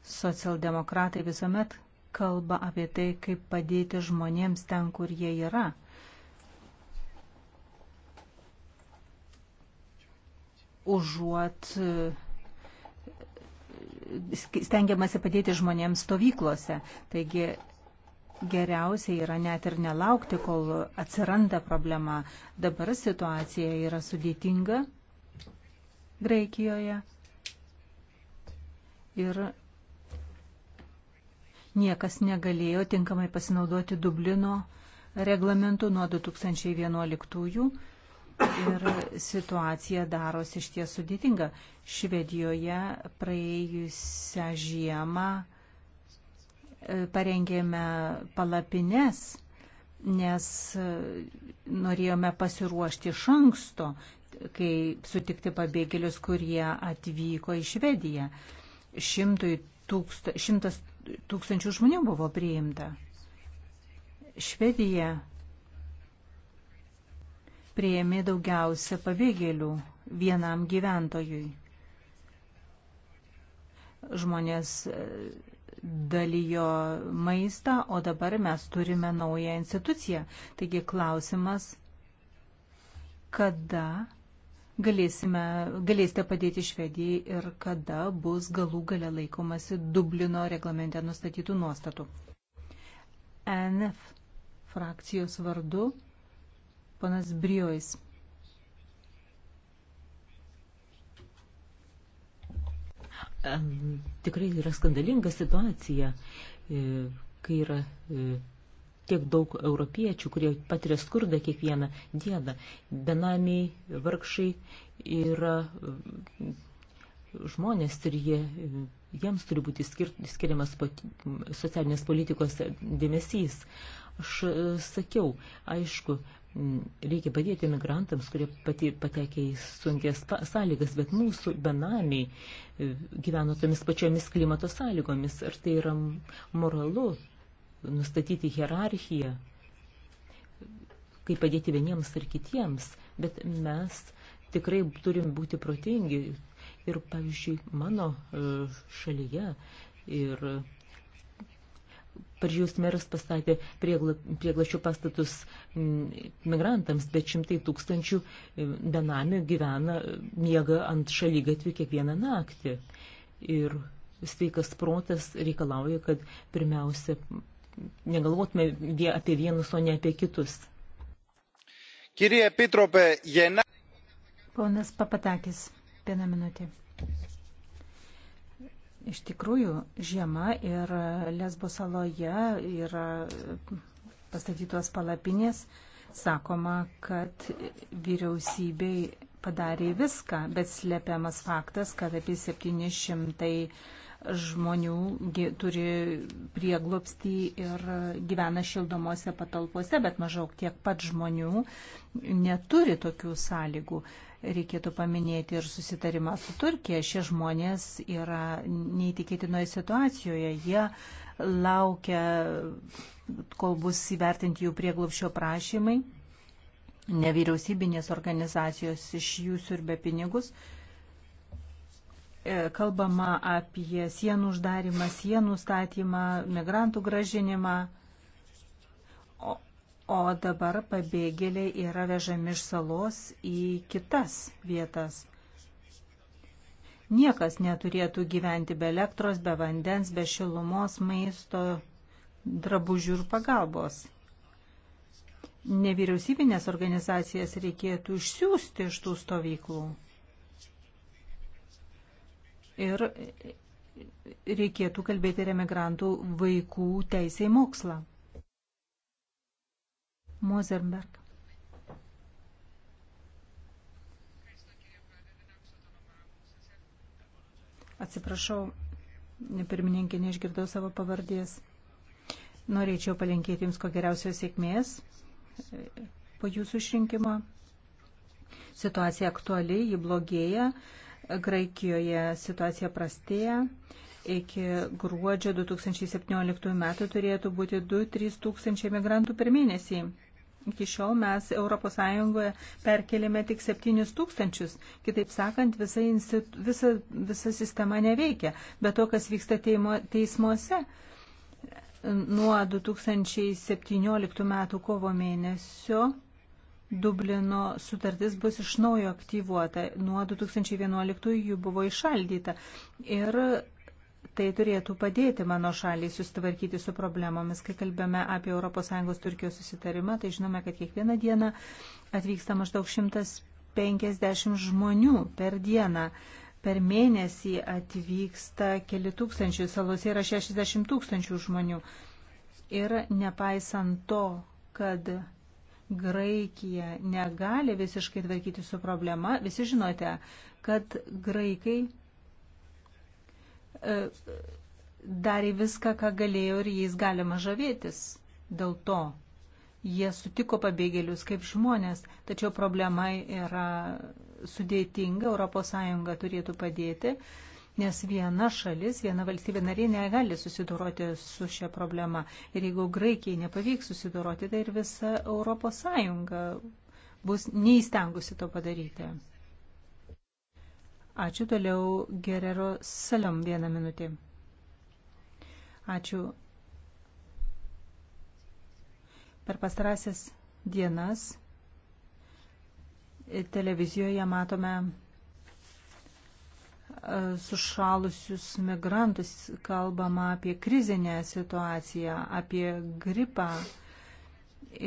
socialdemokratai visuomet kalba apie tai, kaip padėti žmonėms ten, kur jie yra. Užuot e, stengiamasi padėti žmonėms stovyklose. Taigi geriausia yra net ir nelaukti, kol atsiranda problema. Dabar situacija yra sudėtinga Graikijoje ir niekas negalėjo tinkamai pasinaudoti Dublino reglamentu nuo 2011 ir situacija darosi iš ties sudėtinga. Švedijoje praėjusią žiemą parengėme palapines, nes e, norėjome pasiruošti iš anksto, kai sutikti pabėgėlius, kurie atvyko į Švediją. Šimtui tūksta, šimtas tūkstančių žmonių buvo priimta. Švedija prieimė daugiausia pabėgėlių vienam gyventojui. Žmonės e, dalyjo maistą, o dabar mes turime naują instituciją. Taigi klausimas, kada galėsime, galėsite padėti Švedijai ir kada bus galų gale laikomasi Dublino reglamente nustatytų nuostatų. NF frakcijos vardu ponas Briois. Tikrai yra skandalinga situacija, e, kai yra e, tiek daug europiečių, kurie patiria skurdą kiekvieną dieną. Benamiai, vargšai yra e, žmonės ir jie, jiems turi būti skir, skiriamas socialinės politikos dėmesys. Aš sakiau, aišku, Mm, reikia padėti migrantams, kurie pati, patekė į sunkės sąlygas, bet mūsų benamiai e, gyveno tomis pačiomis klimato sąlygomis. Ar tai yra moralu nustatyti hierarchiją, kaip padėti vieniems ar kitiems, bet mes tikrai turim būti protingi. Ir, pavyzdžiui, mano e, šalyje ir Paryžiaus meras pastatė prieglašių pastatus mm, migrantams, bet šimtai tūkstančių mm, benamių gyvena, mm, miega ant šalygatvių kiekvieną naktį. Ir sveikas protas reikalauja, kad pirmiausia negalvotume apie vienus, o ne apie kitus. Kyrie Pitropė, jena. Ponas Papatakis, vieną minutę. Iš tikrųjų, žiema ir Lesbo saloje yra pastatytos palapinės. Sakoma, kad vyriausybei padarė viską, bet slepiamas faktas, kad apie 700 žmonių turi prieglopstį ir gyvena šildomose patalpose, bet maždaug tiek pat žmonių neturi tokių sąlygų. Reikėtų paminėti ir susitarimą su Turkija. Šie žmonės yra neįtikėtinoje situacijoje. Jie laukia, kol bus įvertinti jų prieglopščio prašymai. Nevyriausybinės organizacijos iš jų siurbė pinigus E, kalbama apie sienų uždarimą, sienų statymą, migrantų gražinimą, o, o dabar pabėgėliai yra vežami iš salos į kitas vietas. Niekas neturėtų gyventi be elektros, be vandens, be šilumos, maisto, drabužių ir pagalbos. Nevyriausybinės organizacijas reikėtų išsiųsti iš tų stovyklų ir reikėtų kalbėti ir emigrantų vaikų teisę į mokslą. Mozerberg. Atsiprašau, pirmininkė, neišgirdau savo pavardės. Norėčiau palinkėti Jums ko geriausios sėkmės po Jūsų išrinkimo. Situacija aktuali, ji blogėja. Graikijoje situacija prastėja. Iki gruodžio 2017 metų turėtų būti 2-3 tūkstančiai migrantų per mėnesį. Iki šiol mes ES perkelėme tik 7 tūkstančius. Kitaip sakant, visa, institu, visa, visa sistema neveikia. Bet to, kas vyksta teimo, teismuose, nuo 2017 metų kovo mėnesio Dublino sutartis bus iš naujo aktyvuota. Nuo 2011 jų buvo išaldyta. Ir tai turėtų padėti mano šaliai susitvarkyti su problemomis. Kai kalbame apie ES Turkijos susitarimą, tai žinome, kad kiekvieną dieną atvyksta maždaug 150 žmonių per dieną per mėnesį atvyksta keli tūkstančiai, salose yra 60 tūkstančių žmonių. Ir nepaisant to, kad Graikija negali visiškai tvarkyti su problema. Visi žinote, kad graikai e, darė viską, ką galėjo ir jais galima žavėtis. Dėl to jie sutiko pabėgėlius kaip žmonės, tačiau problema yra sudėtinga, ES turėtų padėti nes viena šalis, viena valstybė narė negali susidoroti su šia problema. Ir jeigu Graikijai nepavyks susidoroti, tai ir visa Europos Sąjunga bus neįstengusi to padaryti. Ačiū toliau Gerero Salam vieną minutį. Ačiū. Per pastarąsias dienas televizijoje matome sušalusius migrantus, kalbama apie krizinę situaciją, apie gripą.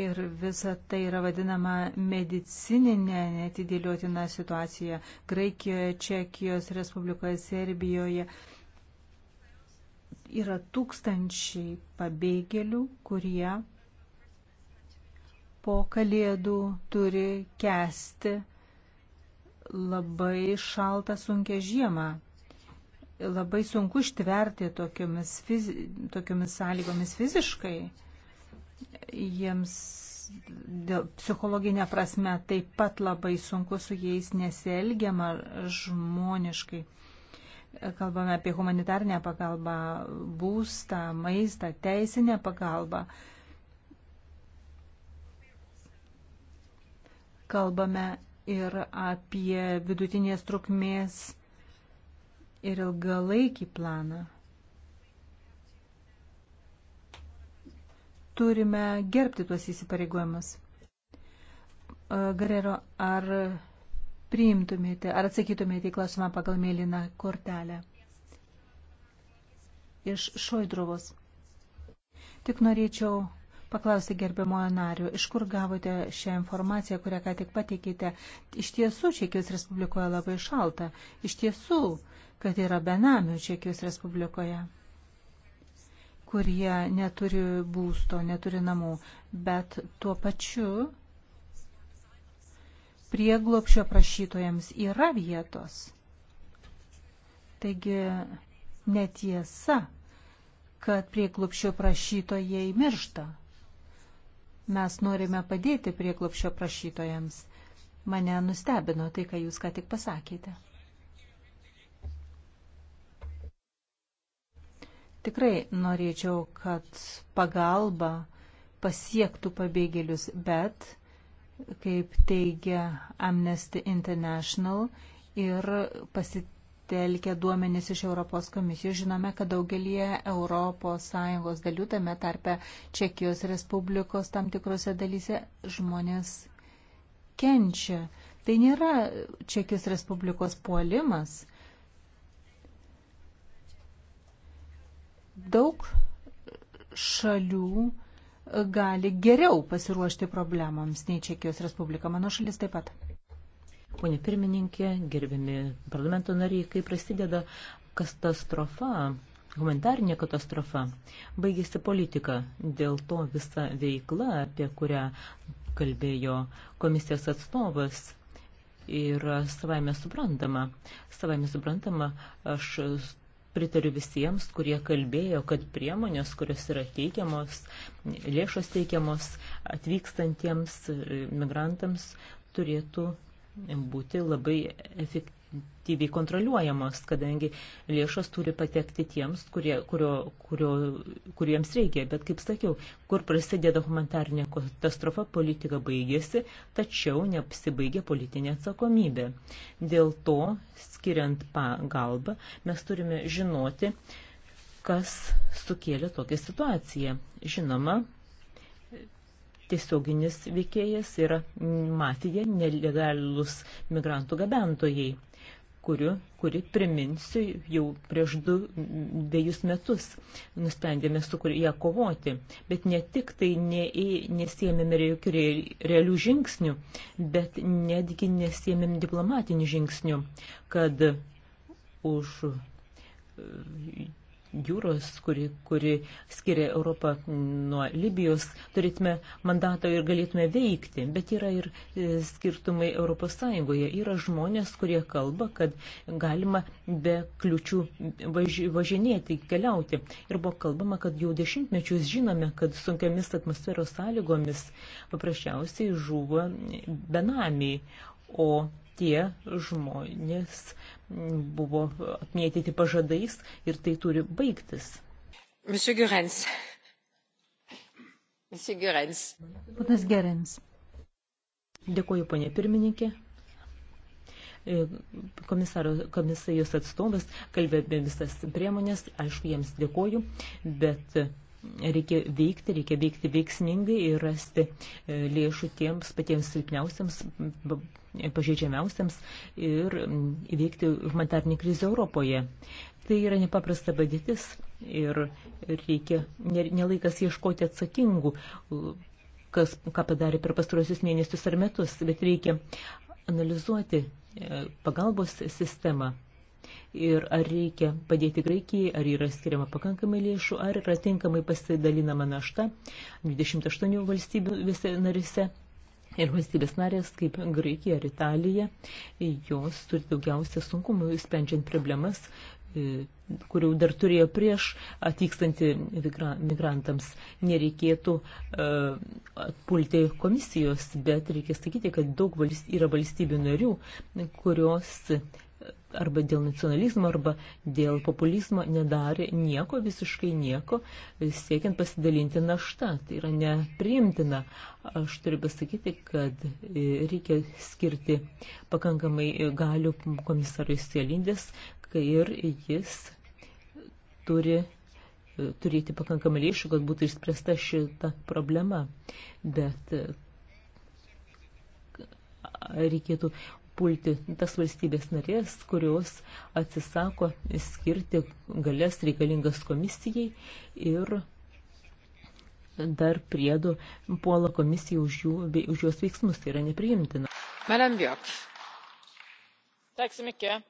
Ir visa tai yra vadinama medicininė netidėliotina situacija Graikijoje, Čekijos Respublikoje, Serbijoje. Yra tūkstančiai pabėgėlių, kurie po kalėdų turi kesti labai šaltą sunkę žiemą. Labai sunku ištverti tokiomis, fizi tokiomis sąlygomis fiziškai. Jiems dėl psichologinė prasme taip pat labai sunku su jais nesielgiama žmoniškai. Kalbame apie humanitarnę pagalbą, būstą, maistą, teisinę pagalbą. Kalbame ir apie vidutinės trukmės ir ilgalaikį planą. Turime gerbti tuos įsipareigojimus. Gerero, ar priimtumėte, ar atsakytumėte į klausimą pagal mėlyną kortelę? Iš Šoidrovos. Tik norėčiau paklausti gerbiamojo nario, iš kur gavote šią informaciją, kurią ką tik pateikėte. Iš tiesų, Čekijos Respublikoje labai šalta. Iš tiesų, kad yra benamių Čekijos Respublikoje kurie neturi būsto, neturi namų, bet tuo pačiu prieglopšio prašytojams yra vietos. Taigi netiesa, kad prieglopšio prašytojai miršta. Mes norime padėti prieklopšio prašytojams. Mane nustebino tai, ką jūs ką tik pasakėte. Tikrai norėčiau, kad pagalba pasiektų pabėgėlius, bet, kaip teigia Amnesty International, ir pasitikėjimas pasitelkę duomenis iš Europos komisijos. Žinome, kad daugelie ES dalių, tame tarpe Čekijos Respublikos tam tikrose dalyse žmonės kenčia. Tai nėra Čekijos Respublikos puolimas. Daug šalių gali geriau pasiruošti problemams nei Čekijos Respublika. Mano šalis taip pat. Pone pirmininkė, gerbiami parlamento nariai, kai prasideda katastrofa, humanitarinė katastrofa, baigėsi politika. Dėl to visa veikla, apie kurią kalbėjo komisijos atstovas, yra savaime suprantama. Savaime suprantama, aš pritariu visiems, kurie kalbėjo, kad priemonės, kurios yra teikiamos, lėšos teikiamos atvykstantiems migrantams, turėtų būti labai efektyviai kontroliuojamos, kadangi lėšos turi patekti tiems, kurie, kurio, kurio, kuriems reikia. Bet kaip sakiau, kur prasideda humanitarinė katastrofa, politika baigėsi, tačiau neapsibaigė politinė atsakomybė. Dėl to, skiriant pagalbą, mes turime žinoti, kas sukėlė tokią situaciją. Žinoma, tiesioginis veikėjas yra mafija, nelegalus migrantų gabentojai, kuri, kuri priminsiu, jau prieš du, dviejus metus nusprendėme su kur ją kovoti. Bet ne tik tai ne, nesėmėme jokių realių žingsnių, bet netgi nesėmėm diplomatinių žingsnių, kad už jūros, kuri, kuri skiria Europą nuo Libijos, turėtume mandato ir galėtume veikti, bet yra ir e, skirtumai Europos Sąjungoje. Yra žmonės, kurie kalba, kad galima be kliučių važi, važinėti, keliauti. Ir buvo kalbama, kad jau dešimtmečius žinome, kad sunkiamis atmosferos sąlygomis paprasčiausiai žuvo benamiai, o tie žmonės buvo apmėtyti pažadais ir tai turi baigtis. Monsieur Gerens. Monsieur Gerens. Ponas Gerens. Dėkuoju, ponė pirmininkė e, komisarijos atstovas, kalbėjome visas priemonės, aišku, jiems dėkoju, bet reikia veikti, reikia veikti veiksmingai ir rasti e, lėšų tiems patiems silpniausiams, pažeidžiamiausiams ir įveikti humanitarnį krizę Europoje. Tai yra nepaprasta padėtis ir reikia nelaikas ieškoti atsakingų, kas, ką padarė per pastarosius mėnesius ar metus, bet reikia analizuoti e, pagalbos sistemą ir ar reikia padėti Graikijai, ar yra skiriama pakankamai lėšų, ar yra tinkamai pasidalinama našta 28 valstybių visi narise. Ir valstybės narės kaip Graikija ar Italija, jos turi daugiausia sunkumų sprendžiant problemas, e, kurių dar turėjo prieš atvykstantį migrantams. Nereikėtų e, atpulti komisijos, bet reikia sakyti, kad daug valstybių, yra valstybių narių, kurios arba dėl nacionalizmo, arba dėl populizmo nedarė nieko, visiškai nieko, siekiant pasidalinti naštą. Tai yra nepriimtina. Aš turiu pasakyti, kad e, reikia skirti pakankamai galių komisarui Sėlindės, kai ir jis turi e, turėti pakankamai lėšų, kad būtų išspręsta šita problema. Bet e, reikėtų papulti tas valstybės narės, kurios atsisako skirti galės reikalingas komisijai ir dar priedo puola komisija už, jų, už jos veiksmus. Tai yra nepriimtina. Madam Björk. Tack så mycket.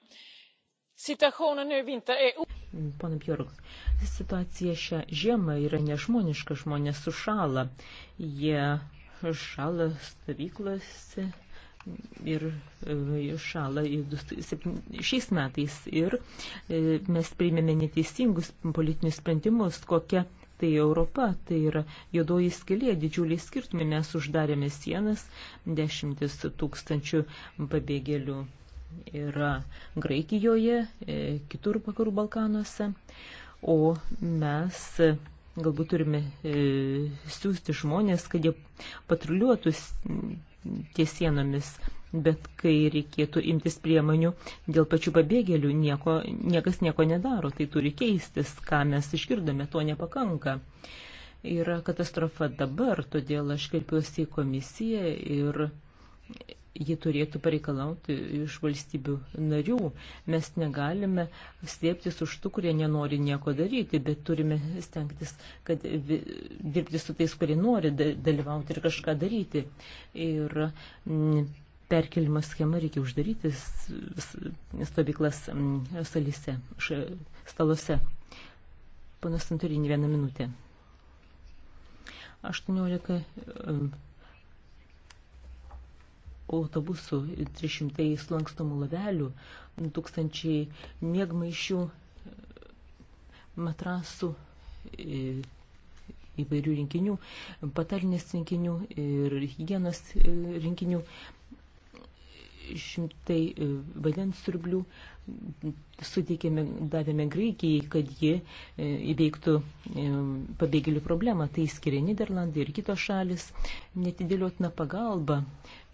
Situationen nu i vinter är... Pana Björk, situacija šią žiemą yra nežmoniška, žmonės sušala. Jie šala stovyklose E, ir šalą šiais metais. Ir e, mes priimėme neteisingus politinius sprendimus, kokia tai Europa, tai yra juodoji skilė, didžiuliai skirtumai, mes uždarėme sienas, dešimtis tūkstančių pabėgėlių yra Graikijoje, e, kitur vakarų Balkanuose, o mes galbūt turime e, siūsti žmonės, kad jie patruliuotų tiesienomis, bet kai reikėtų imtis priemonių dėl pačių pabėgėlių, nieko, niekas nieko nedaro, tai turi keistis, ką mes išgirdome, to nepakanka. Yra katastrofa dabar, todėl aš kreipiuosi į komisiją ir ji turėtų pareikalauti iš valstybių narių. Mes negalime slėptis už tų, kurie nenori nieko daryti, bet turime stengtis, kad dirbti su tais, kurie nori dalyvauti ir kažką daryti. Ir mm, perkelimo schemą reikia uždaryti stovyklas mm, salise, stalose. Panas Santorinį vieną minutę. 18 autobusų, 300 slankstomų lavelių, 1000 mėgmaišių, matrasų, e, įvairių rinkinių, patalinės rinkinių ir hygienos e, rinkinių, šimtai e, vandens surblių suteikėme, davėme Graikijai, kad ji įveiktų pabėgėlių problemą. Tai skiria Niderlandai ir kitos šalis. Netidėliotina pagalba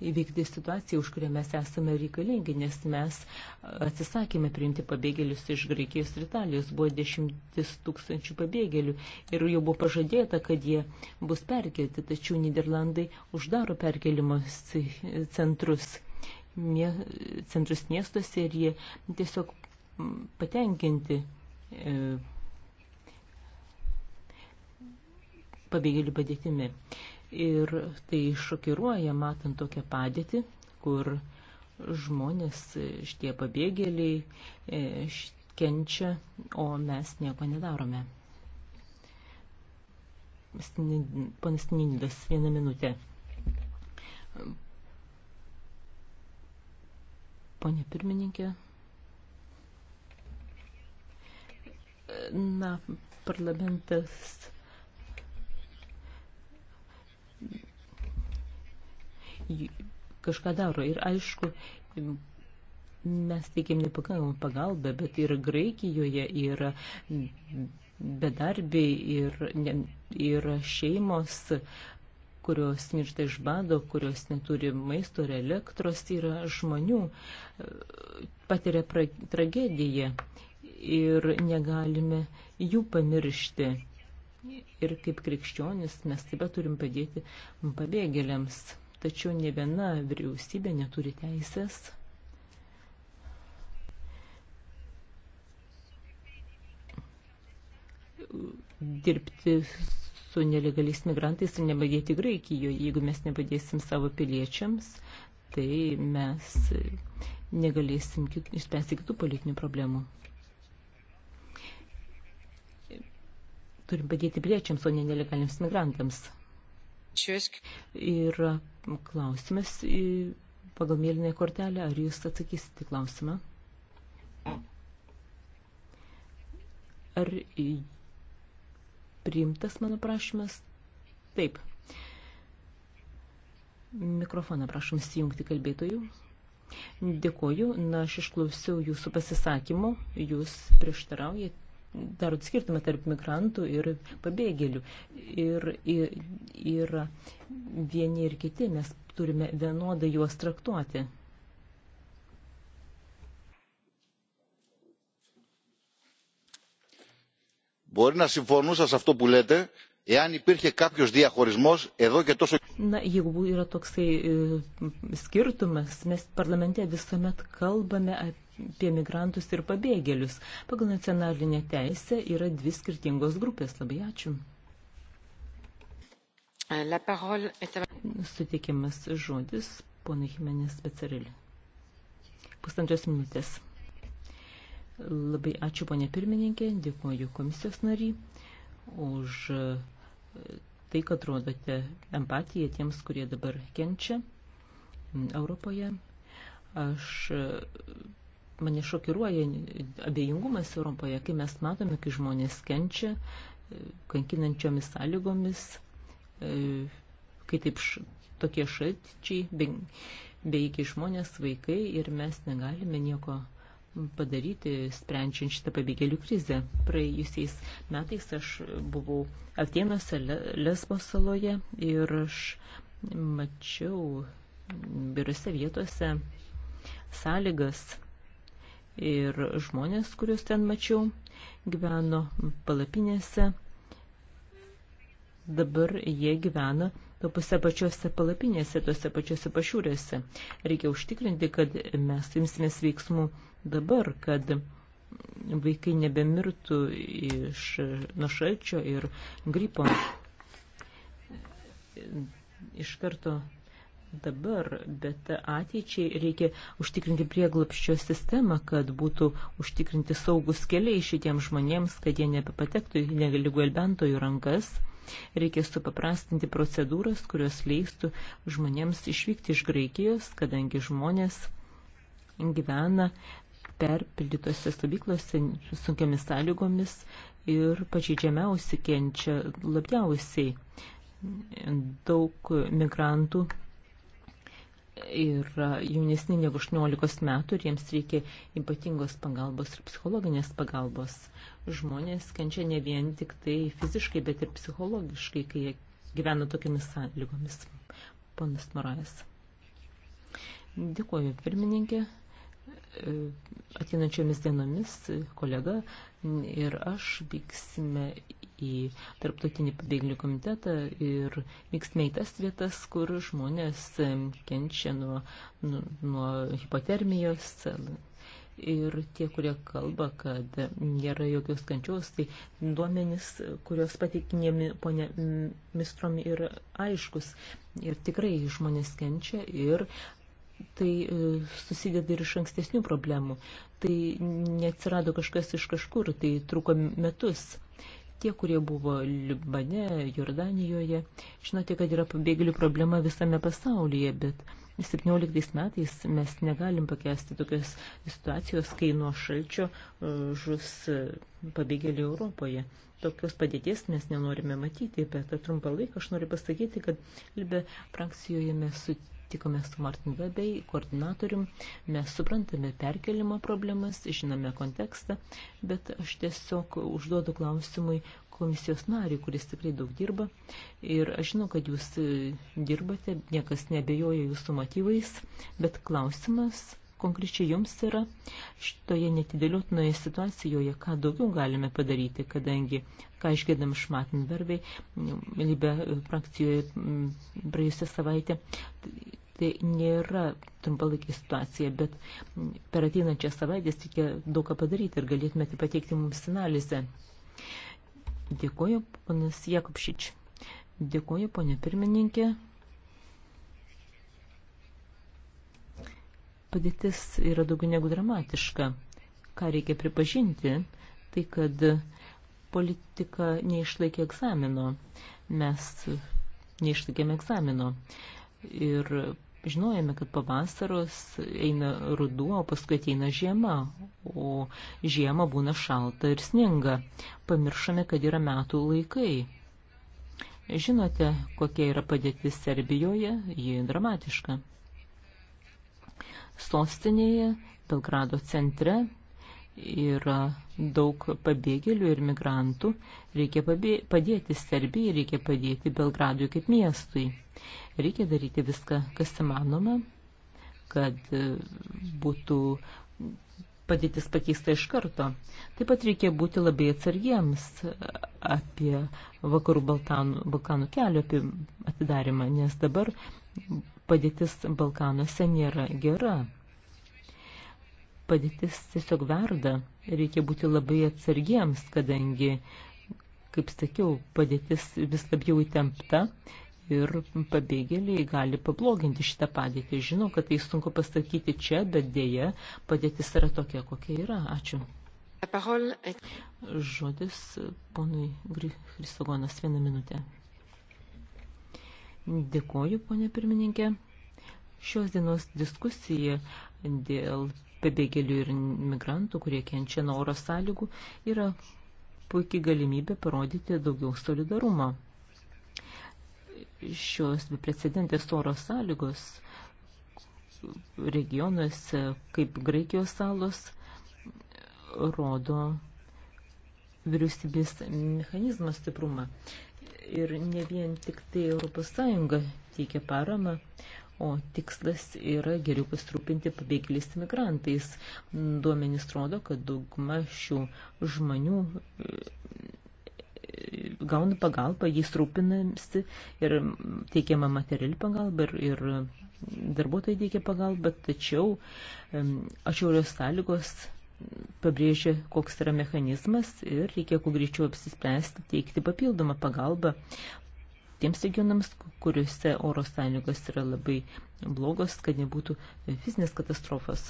įveikti situaciją, už kurią mes esame reikalingi, nes mes atsisakėme priimti pabėgėlius iš Graikijos ir Italijos. Buvo dešimtis tūkstančių pabėgėlių ir jau buvo pažadėta, kad jie bus perkelti, tačiau Niderlandai uždaro perkelimo centrus, mie, centrus miestuose ir jie tiesiog patenkinti. E, pabėgėlių padėtimi. Ir tai šokiruoja, matant tokią padėtį, kur žmonės, šitie pabėgėliai, e, kenčia, o mes nieko nedarome. Panas Ninidas, vieną minutę. Pone pirmininkė. Na, parlamentas kažką daro. Ir aišku, mes teikiam nepakankamą pagalbą, bet ir Graikijoje yra bedarbiai ir, ne, ir šeimos, kurios miršta iš bado, kurios neturi maisto ir elektros, yra žmonių, patiria pra, tragediją ir negalime jų pamiršti. Ir kaip krikščionis mes taip pat turim padėti pabėgėliams tačiau ne viena vyriausybė neturi teisės dirbti su nelegaliais migrantais ir nepadėti Graikijoje. Jeigu mes nepadėsim savo piliečiams, tai mes negalėsim išspręsti kitų politinių problemų. Turim padėti piliečiams, o ne nelegaliams migrantams. Ir klausimas pagal mėlynę kortelę, ar jūs atsakysite klausimą? Ar priimtas mano prašymas? Taip. Mikrofoną prašom įjungti kalbėtojų. Dėkoju, na aš išklausiau jūsų pasisakymo, jūs prieštaraujate darot skirtumą tarp migrantų ir pabėgėlių. Ir yra vieni ir kiti, mes turime vienodai juos traktuoti. Μπορεί να συμφωνούσα σε αυτό που λέτε, εάν υπήρχε κάποιος διαχωρισμός εδώ και τόσο... Na, jeigu yra toksai skirtumas, mes parlamente visuomet kalbame apie apie migrantus ir pabėgėlius. Pagal nacionalinę teisę yra dvi skirtingos grupės. Labai ačiū. Est... Sutikimas žodis, ponai Jimenės Becerelį. Pusantros minutės. Labai ačiū, ponė pirmininkė, dėkuoju komisijos nary už tai, kad rodote empatiją tiems, kurie dabar kenčia Europoje. Aš mane šokiruoja abejingumas Europoje, kai mes matome, kai žmonės kenčia kankinančiomis sąlygomis, kai taip š, tokie šalčiai, be, beigiai žmonės, vaikai ir mes negalime nieko padaryti, sprendžiant šitą pabėgėlių krizę. Praėjusiais metais aš buvau Atenose Lesbo saloje ir aš mačiau birose vietose sąlygas ir žmonės, kuriuos ten mačiau, gyveno palapinėse. Dabar jie gyvena tose pačiose palapinėse, tose pačiose pašiūrėse. Reikia užtikrinti, kad mes imsimės veiksmų dabar, kad vaikai nebemirtų iš nuo šalčio ir gripo. Iš karto dabar, bet ateičiai reikia užtikrinti prieglapščio sistemą, kad būtų užtikrinti saugus keliai šitiems žmonėms, kad jie nepatektų į negaligų elbentojų rankas. Reikia supaprastinti procedūras, kurios leistų žmonėms išvykti iš Graikijos, kadangi žmonės gyvena perpildytose stovyklose sunkiamis sąlygomis ir pažeidžiamiausi kenčia labiausiai. Daug migrantų yra jaunesni negu 18 metų ir jiems reikia ypatingos pagalbos ir psichologinės pagalbos. Žmonės kenčia ne vien tik tai fiziškai, bet ir psichologiškai, kai jie gyvena tokiamis sąlygomis. Ponas Morais. Dėkuoju, pirmininkė. E, ateinančiomis dienomis kolega ir aš vyksime į tarptautinį pabėgėlių komitetą ir vyksime į tas vietas, kur žmonės kenčia nuo, nuo, nuo hipotermijos. Ir tie, kurie kalba, kad nėra jokios kančios, tai duomenys, kurios pateikinėmi ponė mistromi, yra aiškus. Ir tikrai žmonės kenčia ir tai e, susideda ir iš ankstesnių problemų. Tai neatsirado kažkas iš kažkur, tai truko metus. Tie, kurie buvo Libane, Jordanijoje, žinote, kad yra pabėgėlių problema visame pasaulyje, bet 17 metais mes negalim pakęsti tokios situacijos, kai nuo šalčio e, žus e, pabėgėliai Europoje. Tokios padėties mes nenorime matyti, bet per trumpą laiką aš noriu pasakyti, kad Libe frakcijoje mes sutikime tikome su Martin Webei, koordinatorium, mes suprantame perkelimo problemas, žinome kontekstą, bet aš tiesiog užduodu klausimui komisijos nariui, kuris tikrai daug dirba ir aš žinau, kad jūs dirbate, niekas nebejoja jūsų motyvais, bet klausimas konkrečiai jums yra šitoje netidėliotinoje situacijoje, ką daugiau galime padaryti, kadangi, ką išgirdam iš Matinbervai, Libe frakcijoje mm, praėjusią savaitę, tai nėra trumpalaikė situacija, bet per ateinančią savaitę reikia daug ką padaryti ir galėtumėte pateikti mums analizę. Dėkuoju, panas Jakobšič. Dėkuoju, ponė pirmininkė. padėtis yra daugiau negu dramatiška. Ką reikia pripažinti, tai kad politika neišlaikė egzamino. Mes neišlaikėme egzamino. Ir žinojame, kad pavasaros eina ruduo, o paskui ateina žiema, o žiema būna šalta ir sninga. Pamiršome, kad yra metų laikai. Žinote, kokia yra padėtis Serbijoje, ji dramatiška sostinėje, Belgrado centre yra daug pabėgėlių ir migrantų. Reikia padėti Serbijai, reikia padėti Belgradui kaip miestui. Reikia daryti viską, kas įmanoma, kad e, būtų padėtis pakeista iš karto. Taip pat reikia būti labai atsargiems e, apie vakarų Balkanų, Balkanų kelio apie atidarimą, nes dabar padėtis Balkanuose nėra gera. Padėtis tiesiog verda, reikia būti labai atsargiems, kadangi, kaip sakiau, padėtis vis labiau įtempta ir pabėgėliai gali pabloginti šitą padėtį. Žinau, kad tai sunku pasakyti čia, bet dėja padėtis yra tokia, kokia yra. Ačiū. Žodis ponui Grisogonas vieną minutę. Dėkoju, ponė pirmininkė. Šios dienos diskusija dėl pabėgėlių ir migrantų, kurie kenčia nuo oro sąlygų, yra puikiai galimybė parodyti daugiau solidarumą. Šios beprecedentės oro sąlygos regionuose, kaip Graikijos salos, rodo vyriausybės mechanizmo stiprumą ir ne vien tik tai ES teikia paramą, o tikslas yra geriau pasirūpinti pabėgėliais imigrantais. Duomenys rodo, kad dauguma šių žmonių e, gauna pagalbą, jais rūpinamsi ir teikiama materiali pagalba ir, ir darbuotojai teikia pagalbą, tačiau atšiaurios sąlygos pabrėžia, koks yra mechanizmas ir reikia kuo greičiau apsispręsti teikti papildomą pagalbą tiems regionams, kuriuose oro sąlygos yra labai blogos, kad nebūtų fizinės katastrofos.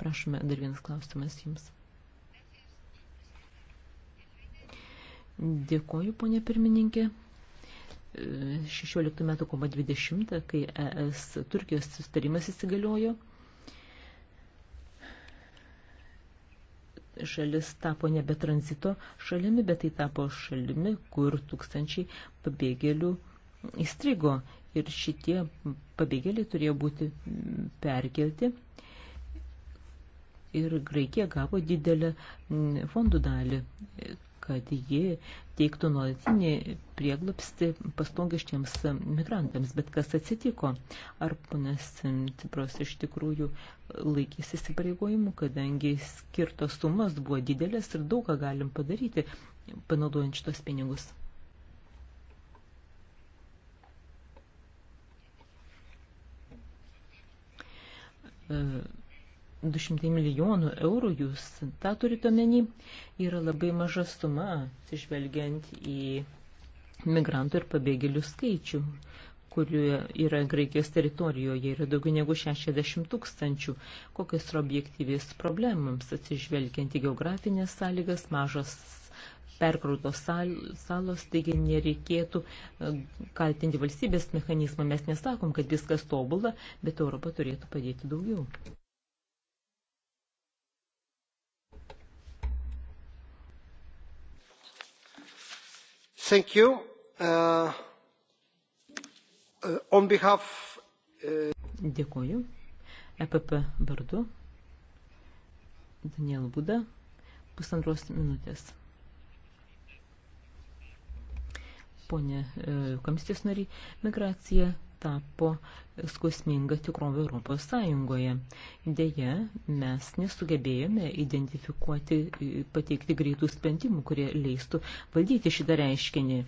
Prašome, dar vienas klausimas jums. Dėkoju, ponė pirmininkė. 16 e, metų kovo 20, kai ES Turkijos sustarimas įsigaliojo, šalis tapo nebe tranzito šalimi, bet tai tapo šalimi, kur tūkstančiai pabėgėlių įstrigo ir šitie pabėgėliai turėjo būti perkelti. Ir Graikija gavo didelę mm, fondų dalį kad ji teiktų nuolatinį prieglapsti pastogiškiams migrantams. Bet kas atsitiko? Ar ponas Cipros iš tikrųjų laikys įsipareigojimų, kadangi skirtos sumas buvo didelės ir daug ką galim padaryti, panaudojant šitos pinigus? Uh, 200 milijonų eurų, jūs tą turite omeny, yra labai maža suma, atsižvelgiant į migrantų ir pabėgėlių skaičių, kurie yra Graikijos teritorijoje, yra daugiau negu 60 tūkstančių. Kokios yra objektyvės problemams, atsižvelgiant į geografinės sąlygas, mažas perkrautos salos, taigi nereikėtų e, kaltinti valstybės mechanizmą. Mes nesakom, kad viskas tobula, bet Europa turėtų padėti daugiau. Uh, uh, behalf, uh... Dėkuoju. EPP vardu. Daniel Buda. Pusantros minutės. Pone e, komisijos nariai, migracija tapo skausminga tikrovė Europos Sąjungoje. Deja, mes nesugebėjome identifikuoti, pateikti greitų sprendimų, kurie leistų valdyti šitą reiškinį.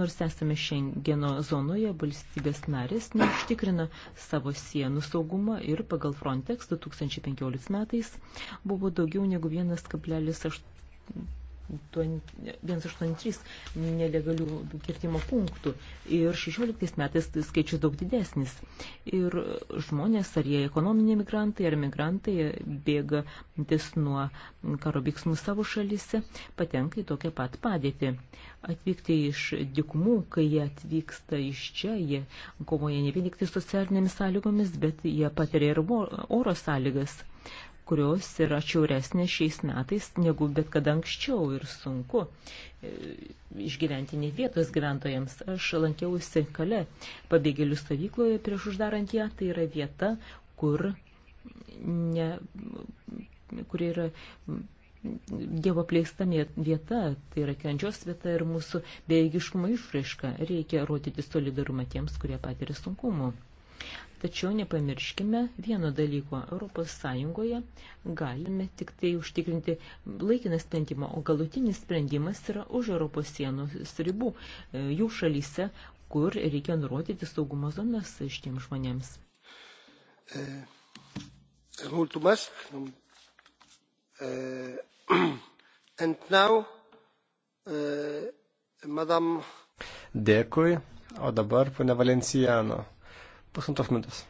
Nors esame Šengeno zonoje, valstybės narės neužtikrina savo sienų saugumą ir pagal Frontex 2015 metais buvo daugiau negu 1,8 183 nelegalių kirtimo punktų ir 16 metais tai skaičius daug didesnis. Ir žmonės, ar jie ekonominiai migrantai, ar migrantai, bėga ties nuo karo veiksmų savo šalyse, patenka į tokią pat padėtį. Atvykti iš dikumų, kai jie atvyksta iš čia, jie kovoja ne vien tik tai socialinėmis sąlygomis, bet jie patiria ir oro sąlygas kurios yra čiauresnės šiais metais negu bet kada anksčiau ir sunku e, išgyventi net vietos gyventojams. Aš lankiausi kale pabėgėlių stovykloje prieš uždarant ją, tai yra vieta, kur, ne, kur yra Dievo plėsta vieta, tai yra kančios vieta ir mūsų bejėgiškumo išraiška. Reikia rodyti solidarumą tiems, kurie patiria sunkumų. Tačiau nepamirškime vieno dalyko. Europos Sąjungoje galime tik tai užtikrinti laikiną sprendimą, o galutinis sprendimas yra už Europos sienos ribų, e, jų šalyse, kur reikia nurodyti saugumo zonas šitiems žmonėms. E, e, mulțumesc. And now, madam. Dėkui. O dabar, ponia Valencijano. Pusantros minutės.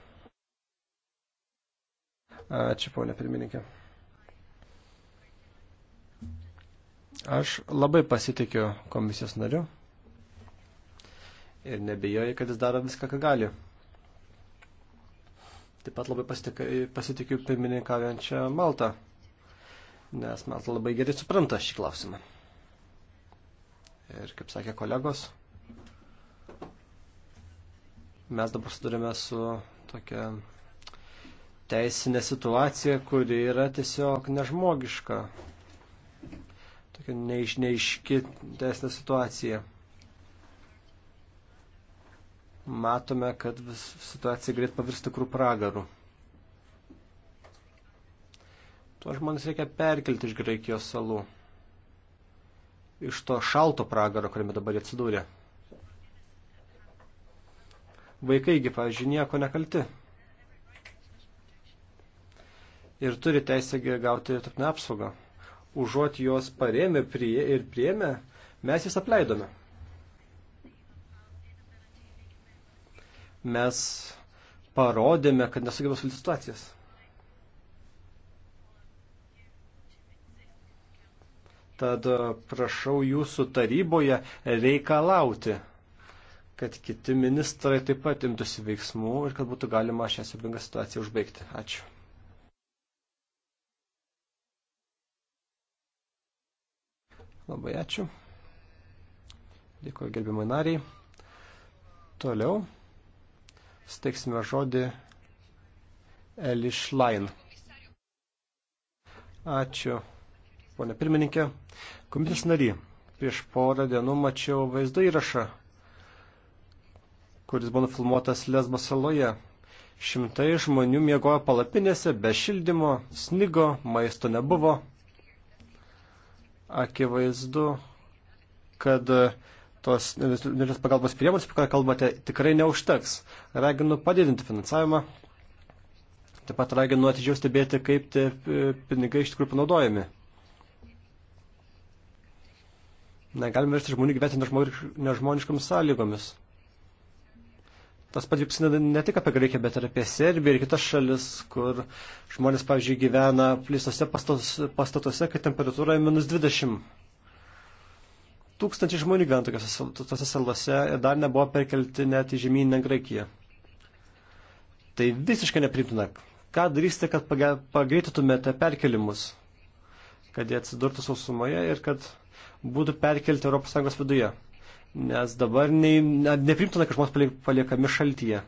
Ačiū, ponė pirmininkė. Aš labai pasitikiu komisijos nariu ir nebijoju, kad jis daro viską, ką gali. Taip pat labai pasitikiu pirmininkaujančią Maltą, nes Malta labai gerai supranta šį klausimą. Ir kaip sakė kolegos, mes dabar sudurime su tokia teisinė situacija, kuri yra tiesiog nežmogiška. Tokia neiš, neiški teisinė situacija. Matome, kad vis, situacija greit pavirs tikrų pragarų. Tuo žmonės reikia perkelti iš Graikijos salų. Iš to šalto pragaro, kuriame dabar atsidūrė. Vaikaigi, pavyzdžiui, nieko nekalti. Ir turi teisę gauti tarpinę apsaugą. Užuot jos parėmė prie ir priėmė, mes jis apleidome. Mes parodėme, kad nesugeba suvaldyti situacijas. Tad prašau jūsų taryboje reikalauti kad kiti ministrai taip pat imtųsi veiksmų ir kad būtų galima šią siubingą situaciją užbaigti. Ačiū. Labai ačiū. Dėkuoju gerbimai nariai. Toliau steiksime žodį Elišlain. Ačiū, ponė pirmininkė. Komisijos nary, prieš porą dienų mačiau vaizdo įrašą kuris buvo nufilmuotas Lesbo saloje. Šimtai žmonių miegojo palapinėse be šildymo, snigo, maisto nebuvo. Akivaizdu, kad tos nežinės pagalbos priemonės, apie ką kalbate, tikrai neužteks. Raginu padidinti finansavimą. Taip pat raginu atidžiau stebėti, kaip tie e, pinigai iš tikrųjų panaudojami. Negalime versti žmonių gyventi nežmoniškomis sąlygomis. Tas pats juk ne tik apie Graikiją, bet ir apie Serbiją ir kitas šalis, kur žmonės, pavyzdžiui, gyvena plėsose pastatuose, kai temperatūra yra minus 20. Tūkstančiai žmonių gyvena tokiose, tokiose salose ir dar nebuvo perkelti net į žemyninę Graikiją. Tai visiškai neprimtina. Ką darysite, kad pagreitytumėte perkelimus, kad jie atsidurtų sausumoje ir kad būtų perkelti ES viduje? nes dabar nei, neprimtina, kad žmonės paliekami šaltyje.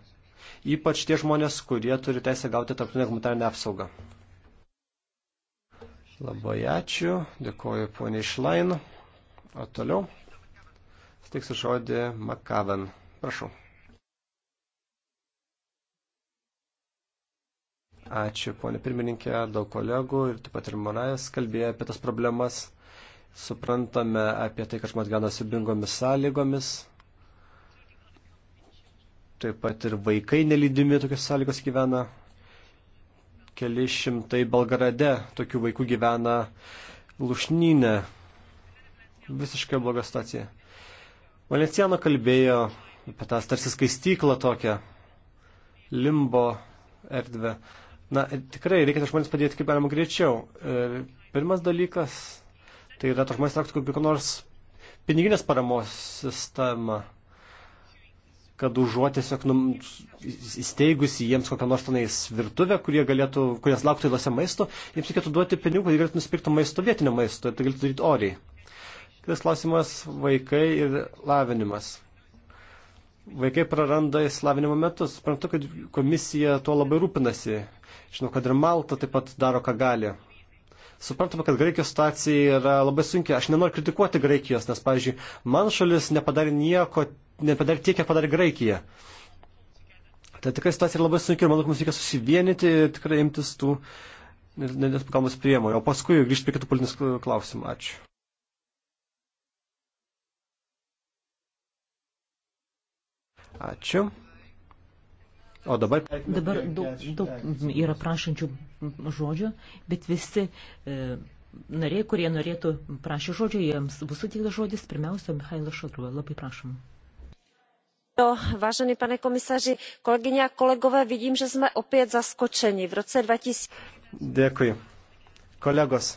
Ypač tie žmonės, kurie turi teisę gauti tarptautinę humanitarinę apsaugą. Labai ačiū, dėkoju poniai Šlain. O toliau steiksiu žodį Makaven. Prašau. Ačiū, ponė pirmininkė, daug kolegų ir taip pat ir Morajas kalbėjo apie tas problemas Suprantame apie tai, kad žmonės gyvena siubingomis sąlygomis. Taip pat ir vaikai nelydimi tokios sąlygos gyvena. Keli šimtai Belgrade tokių vaikų gyvena lušnynė. Visiškai bloga situacija. Valenciano kalbėjo apie tą tarsi skaistyklą tokią, limbo erdvę. Na, tikrai reikia žmonės padėti kaip galima greičiau. Ir pirmas dalykas Tai yra tos žmonės traktų kaip kokią nors piniginės paramos sistemą, kad užuot tiesiog num, įsteigusi jiems kokią nors tenais virtuvę, kurie galėtų, kurias lauktų įlose maisto, jiems reikėtų duoti pinigų, kad jie galėtų nusipirkti maisto vietinio maisto ir tai galėtų daryti oriai. Kitas klausimas - vaikai ir lavinimas. Vaikai praranda įslavinimo metus. Suprantu, kad komisija tuo labai rūpinasi. Žinau, kad ir Malta taip pat daro, ką gali. Suprantame, kad Graikijos situacija yra labai sunkia. Aš nenoriu kritikuoti Graikijos, nes, pavyzdžiui, man šalis nepadarė nieko, nepadarė tiek, kiek padarė Graikija. Tai tikrai situacija yra labai sunkia ir manau, kad mums reikia susivienyti ir tikrai imtis tų nespakalmas priemonių. O paskui grįžti prie kitų politinių klausimų. Ačiū. Ačiū. O dabar... Dabar daug, daug yra prašančių žodžio, bet visi e, nariai, kurie norėtų prašyti žodžio, jiems bus suteiktas žodis, pirmiausia, Mihailas Šodruva. Labai prašom. No, vážený pane komisaři, kolegyně a kolegové, vidím, že jsme opět zaskočeni. V roce 2000... Děkuji. Kolegos,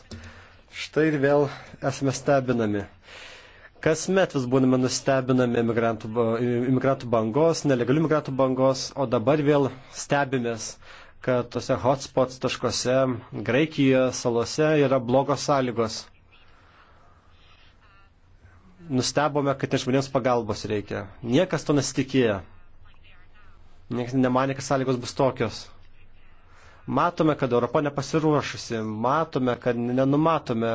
štai ir vėl esame stebinami. Kasmet vis būname nustebinami imigrantų, imigrantų bangos, nelegalių imigrantų bangos, o dabar vėl stebimės, kad tose hotspots taškuose, Graikijoje, salose yra blogos sąlygos. Nustebome, kad nežmonėms pagalbos reikia. Niekas to nesitikėjo. Niekas nemanė, kad sąlygos bus tokios. Matome, kad Europa nepasiruošusi, matome, kad nenumatome,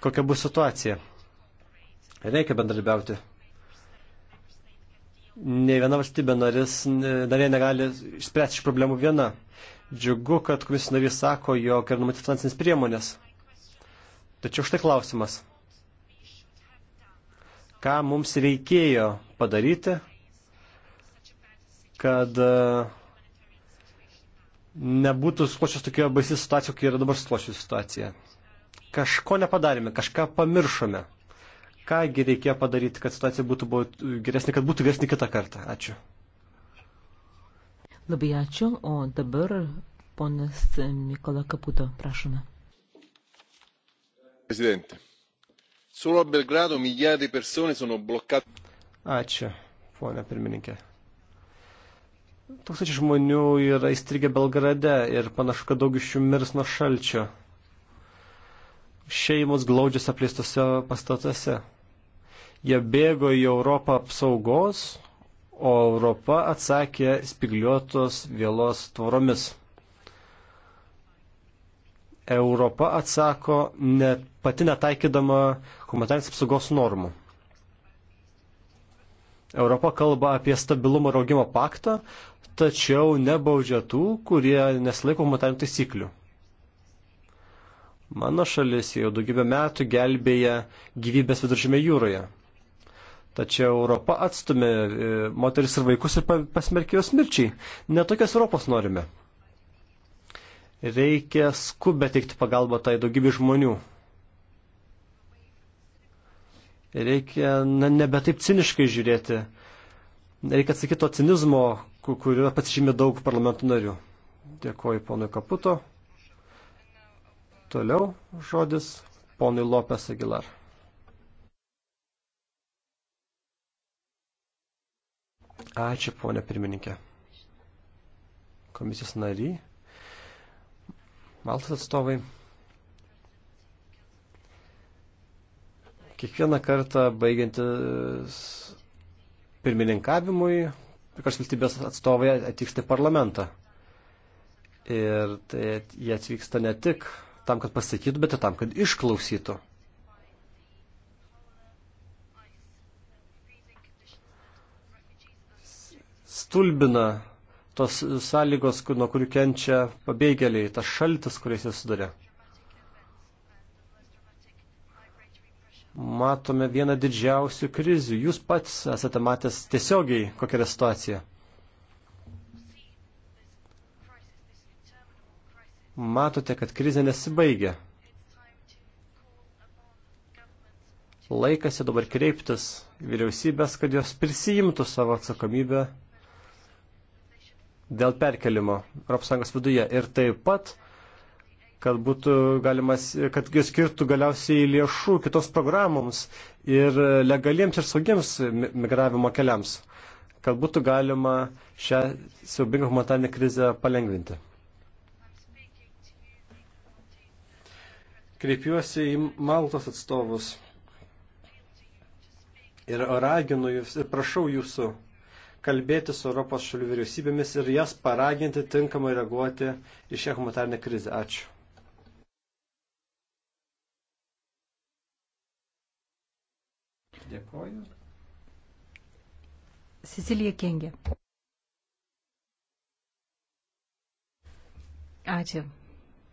kokia bus situacija. Reikia bendradarbiauti. Ne viena valstybė narys, narė negali išspręsti šių problemų viena. Džiugu, kad komisijos narys sako, jog yra numatyti finansinės priemonės. Tačiau štai klausimas. Ką mums reikėjo padaryti, kad e, nebūtų sklošęs tokia baisi situacija, kokia yra dabar sklošęs situacija. Kažko nepadarėme, kažką pamiršome. Kągi reikėjo padaryti, kad situacija būtų geresnė, kad būtų geresnė kitą kartą. Ačiū. Labai ačiū, o dabar ponas Nikola Kaputo, prašome. Prezidentė. Solo a Belgrado migliaia di persone sono bloccate. Ačiū, ponia pirmininkė. Tūkstančiai žmonių yra įstrigę Belgrade ir panašu, kad daug iš jų mirs nuo šalčio. Šeimos glaudžiasi apleistose pastatuose. Jie bėgo į Europą apsaugos, o Europa atsakė spigliuotos vėlos tvoromis. Europa atsako net pati netaikydama humanitarinės apsaugos normų. Europa kalba apie stabilumo ir augimo paktą, tačiau nebaudžia tų, kurie nesilaiko humanitarinių taisyklių. Mano šalis jau daugybę metų gelbėja gyvybės viduržėme jūroje. Tačiau Europa atstumė e, moteris ir vaikus ir pasmerkė juos mirčiai. Netokios Europos norime. Reikia skubę teikti pagalbą tai daugybė žmonių. Reikia na, nebe taip ciniškai žiūrėti. Reikia atsakyti to cinizmo, kurio pasižymė daug parlamentų narių. Dėkuoju ponui Kaputo. Toliau žodis ponui Lopes Aguilar. Ačiū, ponė pirmininkė. Komisijos nariai, Maltos atstovai. Kiekvieną kartą baigiantis pirmininkavimui, kažkokios valstybės atstovai atvyksta į parlamentą. Ir tai jie atvyksta ne tik tam, kad pasakytų, bet ir tam, kad išklausytų. stulbina tos sąlygos, nuo kurių kenčia pabėgėliai, tas šaltis, kuriais jis sudarė. Matome vieną didžiausių krizių. Jūs pats esate matęs tiesiogiai, kokia yra situacija. Matote, kad krizė nesibaigia. Laikas jau dabar kreiptis vyriausybės, kad jos prisijimtų savo atsakomybę dėl perkelimo ES viduje ir taip pat, kad būtų galimas, kad jis skirtų galiausiai lėšų kitos programoms ir legaliems ir saugiems migravimo keliams, kad būtų galima šią siaubingą humanitarinę krizę palengvinti. Kreipiuosi į Maltos atstovus ir raginu jūs ir prašau jūsų kalbėti su Europos šalių vyriausybėmis ir jas paraginti tinkamai reaguoti į šią humanitarinę krizę. Ačiū. Dėkoju. Cecilija Kengė. Ačiū,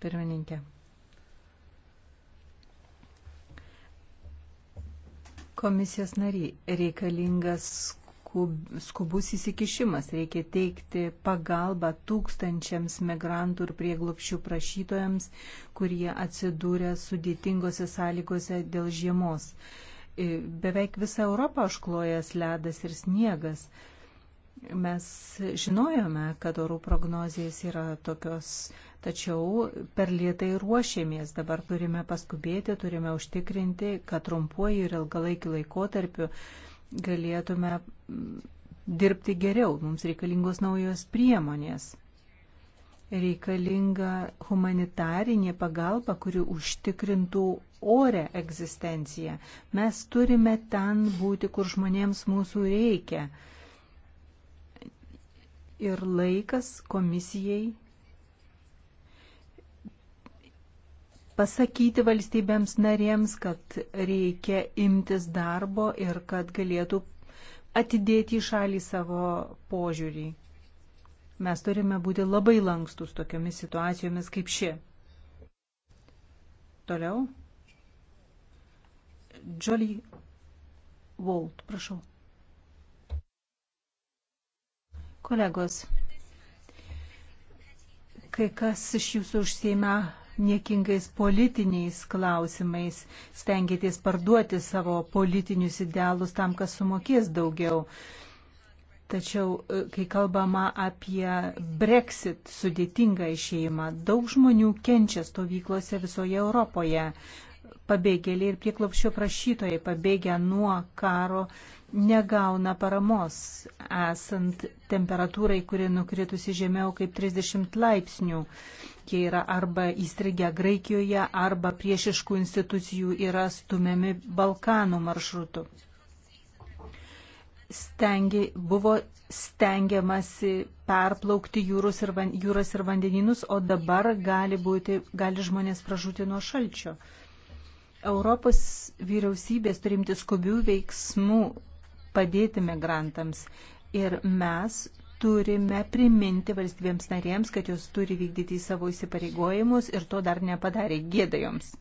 pirmininkė. Komisijos nariai reikalingas skub, skubus įsikišimas. Reikia teikti pagalbą tūkstančiams migrantų ir prieglopšių prašytojams, kurie atsidūrė sudėtingose sąlygose dėl žiemos. E, beveik visą Europą užklojas ledas ir sniegas. Mes žinojome, kad orų prognozijas yra tokios, tačiau per lietai ruošėmės. Dabar turime paskubėti, turime užtikrinti, kad trumpuoju ir ilgalaikiu laikotarpiu galėtume dirbti geriau. Mums reikalingos naujos priemonės. Reikalinga humanitarinė pagalba, kuri užtikrintų orę egzistenciją. Mes turime ten būti, kur žmonėms mūsų reikia. Ir laikas komisijai pasakyti valstybėms narėms, kad reikia imtis darbo ir kad galėtų atidėti į šalį savo požiūrį. Mes turime būti labai lankstus tokiomis situacijomis kaip ši. Toliau. Jolly Volt, prašau. Kolegos, kai kas iš jūsų užsieima niekingais politiniais klausimais, stengiatės parduoti savo politinius idealus tam, kas sumokės daugiau. Tačiau, e, kai kalbama apie Brexit sudėtingą išėjimą, daug žmonių kenčia stovyklose visoje Europoje. Pabėgėliai ir prieklopščio prašytojai pabėgę nuo karo negauna paramos, esant temperatūrai, kuri nukritusi žemiau kaip 30 laipsnių jie yra arba įstrigę Graikijoje, arba priešiškų institucijų yra stumiami Balkanų maršrutu. Stengi, buvo stengiamasi perplaukti jūros ir, van, jūros ir vandeninus, o dabar gali, būti, gali žmonės pražūti nuo šalčio. Europos vyriausybės turimti skubių veiksmų padėti migrantams ir mes turime priminti valstybėms narėms, kad jos turi vykdyti savo įsipareigojimus ir to dar nepadarė gėda joms.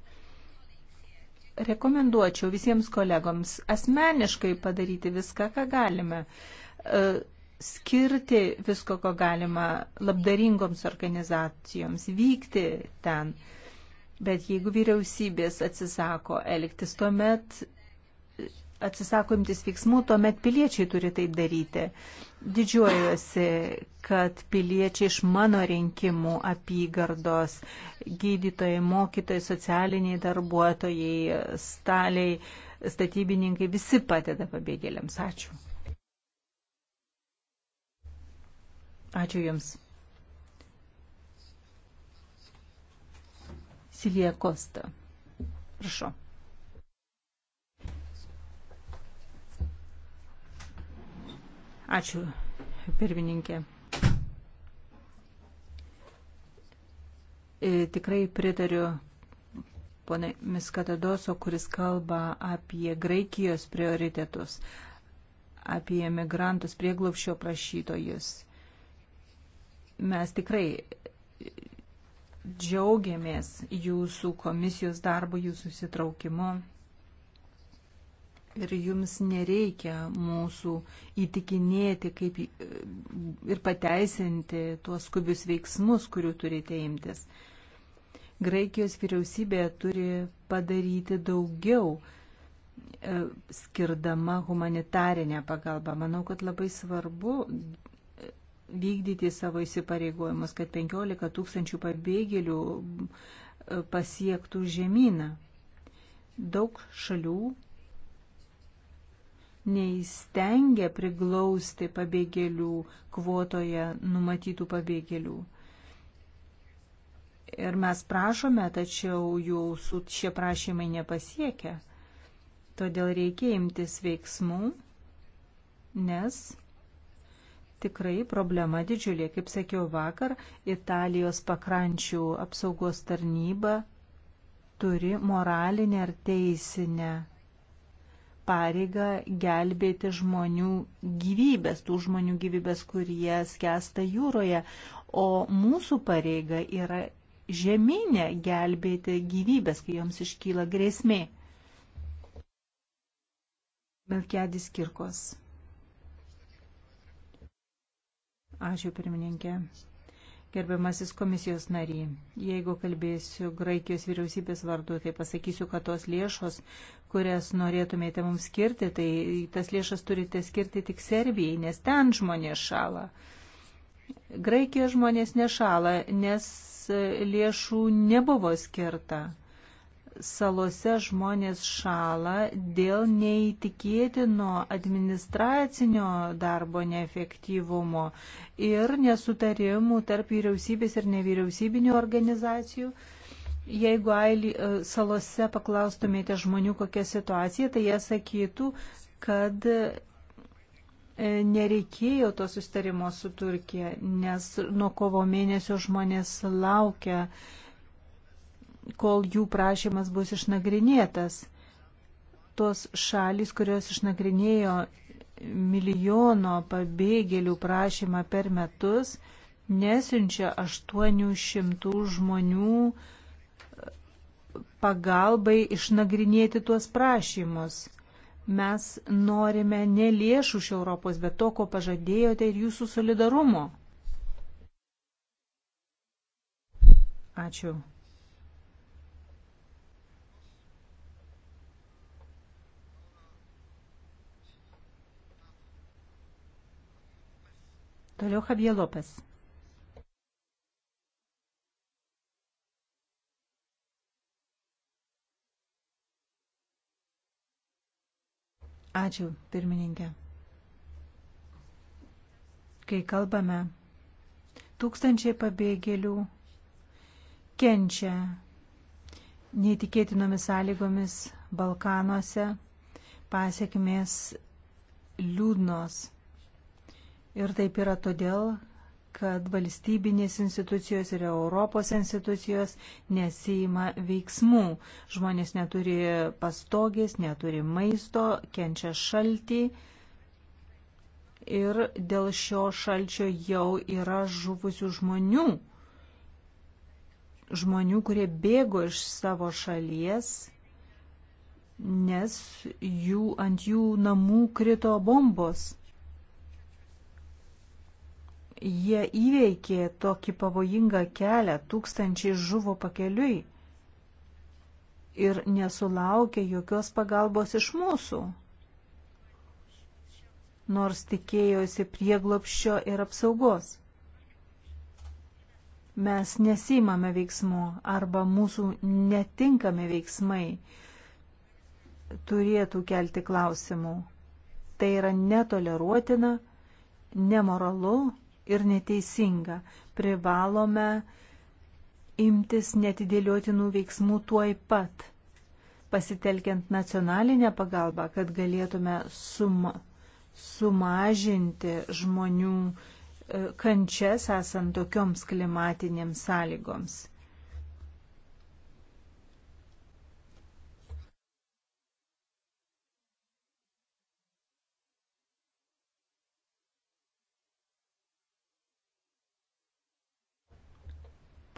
Rekomenduočiau visiems kolegoms asmeniškai padaryti viską, ką galime, e, skirti visko, ko galima labdaringoms organizacijoms, vykti ten. Bet jeigu vyriausybės atsisako elgtis, tuomet atsisako imtis veiksmų, tuomet piliečiai turi tai daryti. Didžiuojuosi, kad piliečiai iš mano rinkimų apygardos, gydytojai, mokytojai, socialiniai darbuotojai, staliai, statybininkai, visi padeda pabėgėliams. Ačiū. Ačiū Jums. Silija Kosta. Prašau. Ačiū, pirmininkė. E, tikrai pritariu ponai Miskatadoso, kuris kalba apie Graikijos prioritetus, apie emigrantus prieglopščio prašytojus. Mes tikrai džiaugiamės jūsų komisijos darbu, jūsų sitraukimu Ir jums nereikia mūsų įtikinėti kaip e, ir pateisinti tuos skubius veiksmus, kurių turite imtis. Graikijos vyriausybė turi padaryti daugiau, e, skirdama humanitarinę pagalbą. Manau, kad labai svarbu e, vykdyti savo įsipareigojimus, kad 15 tūkstančių pabėgėlių pasiektų žemyną. Daug šalių neįstengia priglausti pabėgėlių kvotoje numatytų pabėgėlių. Ir mes prašome, tačiau jų šie prašymai nepasiekia. Todėl reikia imtis veiksmų, nes tikrai problema didžiulė. Kaip sakiau vakar, Italijos pakrančių apsaugos tarnyba turi moralinę ar teisinę pareigą gelbėti žmonių gyvybės, tų žmonių gyvybės, kurie skęsta jūroje, o mūsų pareiga yra žemynė gelbėti gyvybės, kai joms iškyla grėsmė. Melkedis Kirkos. Ačiū pirmininkė. Gerbiamasis komisijos nariai, jeigu kalbėsiu Graikijos vyriausybės vardu, tai pasakysiu, kad tos lėšos, kurias norėtumėte mums skirti, tai tas lėšas turite skirti tik Serbijai, nes ten žmonės šala. Graikijos žmonės nešala, nes lėšų nebuvo skirta salose žmonės šala dėl neįtikėtino administracinio darbo neefektyvumo ir nesutarimų tarp vyriausybės ir nevyriausybinių organizacijų. Jeigu Ailį e, salose paklaustumėte žmonių, kokia situacija, tai jie sakytų, kad e, nereikėjo to sustarimo su Turkija, nes nuo kovo mėnesio žmonės laukia kol jų prašymas bus išnagrinėtas. Tos šalys, kurios išnagrinėjo milijono pabėgėlių prašymą per metus, nesiunčia 800 žmonių pagalbai išnagrinėti tuos prašymus. Mes norime ne lėšų iš Europos, bet to, ko pažadėjote ir jūsų solidarumo. Ačiū. Toliau Javier Lopes. Ačiū, pirmininkė. Kai kalbame, tūkstančiai pabėgėlių kenčia neįtikėtinomis sąlygomis Balkanuose, pasiekmės liūdnos Ir taip yra todėl, kad valstybinės institucijos ir Europos institucijos nesima veiksmų. Žmonės neturi pastogės, neturi maisto, kenčia šaltį. Ir dėl šio šalčio jau yra žuvusių žmonių. Žmonių, kurie bėgo iš savo šalies, nes jų, ant jų namų krito bombos jie įveikė tokį pavojingą kelią, tūkstančiai žuvo pakeliui ir nesulaukė jokios pagalbos iš mūsų, nors tikėjosi prieglopščio ir apsaugos. Mes nesimame veiksmų arba mūsų netinkami veiksmai turėtų kelti klausimų. Tai yra netoleruotina, nemoralu ir neteisinga. Privalome imtis netidėliotinų veiksmų tuoj pat, pasitelkiant nacionalinę pagalbą, kad galėtume suma, sumažinti žmonių e, kančias esant tokioms klimatinėms sąlygoms.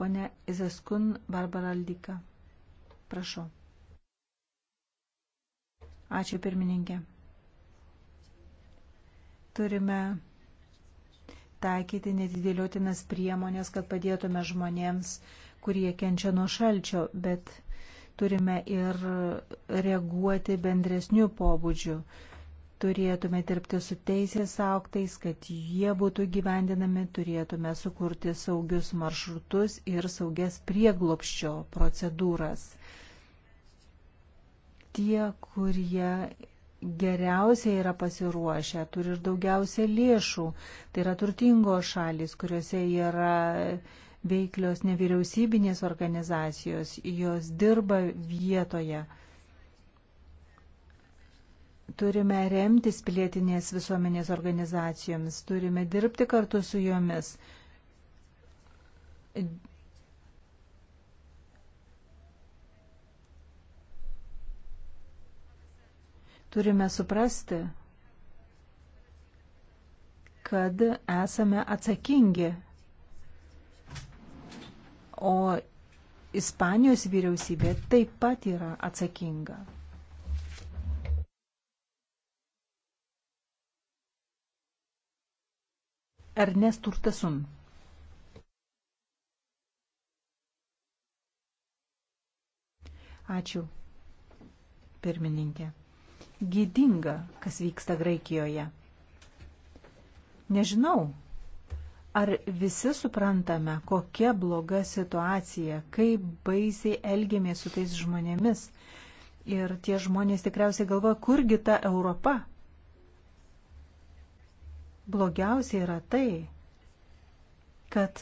Pone Izaskun Barbara Aldika. Prašau. Ačiū pirmininkė. Turime taikyti netidėliotinas priemonės, kad padėtume žmonėms, kurie kenčia nuo šalčio, bet turime ir reaguoti bendresnių pobūdžių turėtume dirbti su teisės auktais, kad jie būtų gyvendinami, turėtume sukurti saugius maršrutus ir saugias prieglopščio procedūras. Tie, kurie geriausiai yra pasiruošę, turi ir daugiausia lėšų, tai yra turtingos šalis, kuriuose yra veiklios nevyriausybinės organizacijos, jos dirba vietoje Turime remtis pilietinės visuomenės organizacijomis, turime dirbti kartu su jomis. Turime suprasti, kad esame atsakingi. O Ispanijos vyriausybė taip pat yra atsakinga. Ernest Urtasun. Ačiū, pirmininkė. Gėdinga, kas vyksta Graikijoje. Nežinau, ar visi suprantame, kokia bloga situacija, kaip baisiai elgėmės su tais žmonėmis. Ir tie žmonės tikriausiai galvoja, kurgi ta Europa, Blogiausia yra tai, kad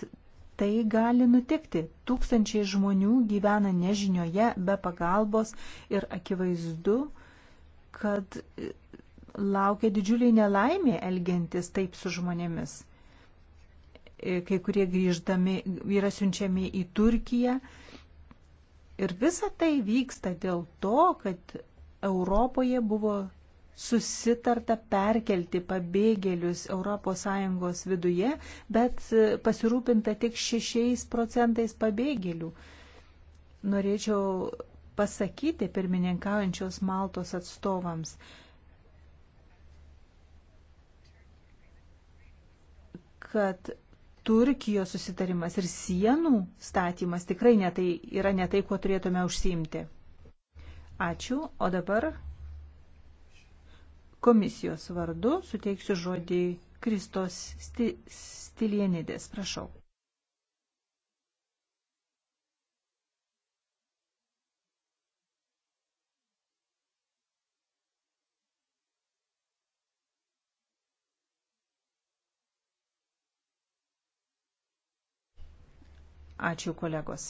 tai gali nutikti. Tūkstančiai žmonių gyvena nežinioje, be pagalbos ir akivaizdu, kad laukia didžiuliai nelaimė elgiantis taip su žmonėmis. E, kai kurie grįždami yra siunčiami į Turkiją. Ir visa tai vyksta dėl to, kad Europoje buvo susitarta perkelti pabėgėlius ES viduje, bet e, pasirūpinta tik 6 procentais pabėgėlių. Norėčiau pasakyti pirmininkaujančios Maltos atstovams. kad Turkijos susitarimas ir sienų statymas tikrai netai, yra ne tai, kuo turėtume užsiimti. Ačiū, o dabar Komisijos vardu suteiksiu žodį Kristos sti Stilienidės. Prašau. Ačiū kolegos.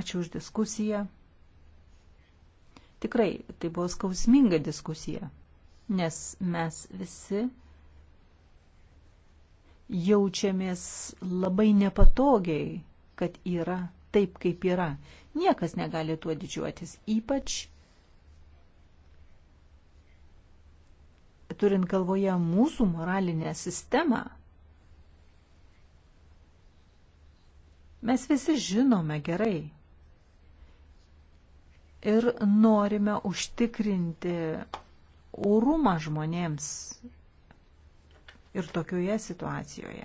Ačiū už diskusiją. Tikrai tai buvo skausminga diskusija, nes mes visi jaučiamės labai nepatogiai, kad yra taip, kaip yra. Niekas negali tuo didžiuotis, ypač turint galvoje mūsų moralinę sistemą. Mes visi žinome gerai, ir norime užtikrinti orumą žmonėms ir tokioje situacijoje.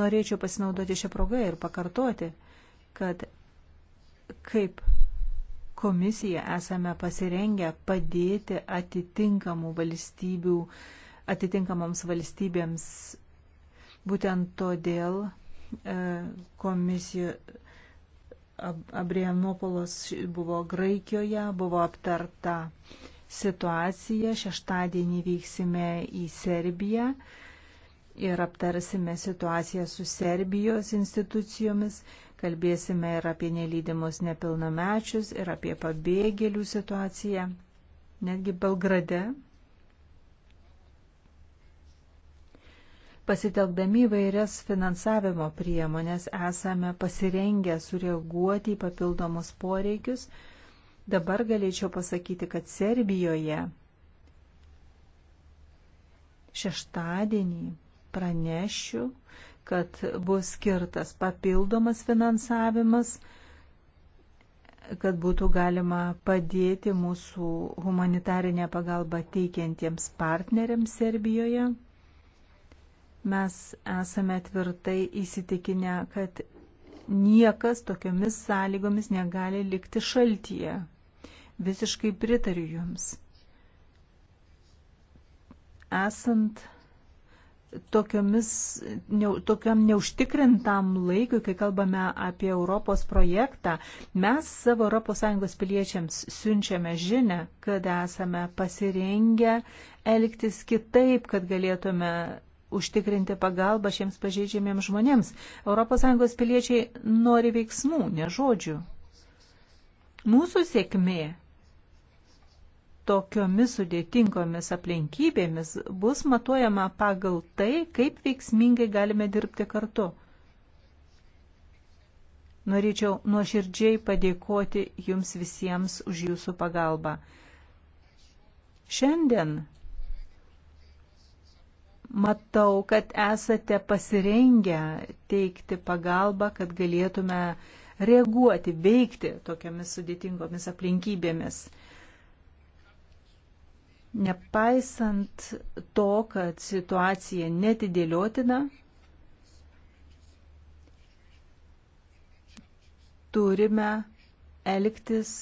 Norėčiau pasinaudoti šią progą ir pakartoti, kad kaip komisija esame pasirengę padėti atitinkamų valstybių, atitinkamoms valstybėms. Būtent todėl e, komisija Abrianopolos buvo Graikijoje, buvo aptarta situacija. Šeštadienį vyksime į Serbiją ir aptarsime situaciją su Serbijos institucijomis, kalbėsime ir apie nelydimus nepilnamečius, ir apie pabėgėlių situaciją. Netgi Belgrade Pasitelkdami vairias finansavimo priemonės esame pasirengę sureaguoti į papildomus poreikius. Dabar galėčiau pasakyti, kad Serbijoje šeštadienį pranešiu, kad bus skirtas papildomas finansavimas, kad būtų galima padėti mūsų humanitarinę pagalbą teikiantiems partneriams Serbijoje. Mes esame tvirtai įsitikinę, kad niekas tokiomis sąlygomis negali likti šaltyje. Visiškai pritariu Jums. Esant tokiomis, ne, tokiam neužtikrintam laikui, kai kalbame apie Europos projektą, mes savo ES piliečiams siunčiame žinę, kad esame pasirengę elgtis kitaip, kad galėtume užtikrinti pagalbą šiems pažeidžiamiems žmonėms. ES piliečiai nori veiksmų, ne žodžių. Mūsų sėkmė tokiomis sudėtingomis aplinkybėmis bus matuojama pagal tai, kaip veiksmingai galime dirbti kartu. Norėčiau nuoširdžiai padėkoti Jums visiems už Jūsų pagalbą. Šiandien matau, kad esate pasirengę teikti pagalbą, kad galėtume reaguoti, veikti tokiamis sudėtingomis aplinkybėmis. Nepaisant to, kad situacija netidėliotina, turime elgtis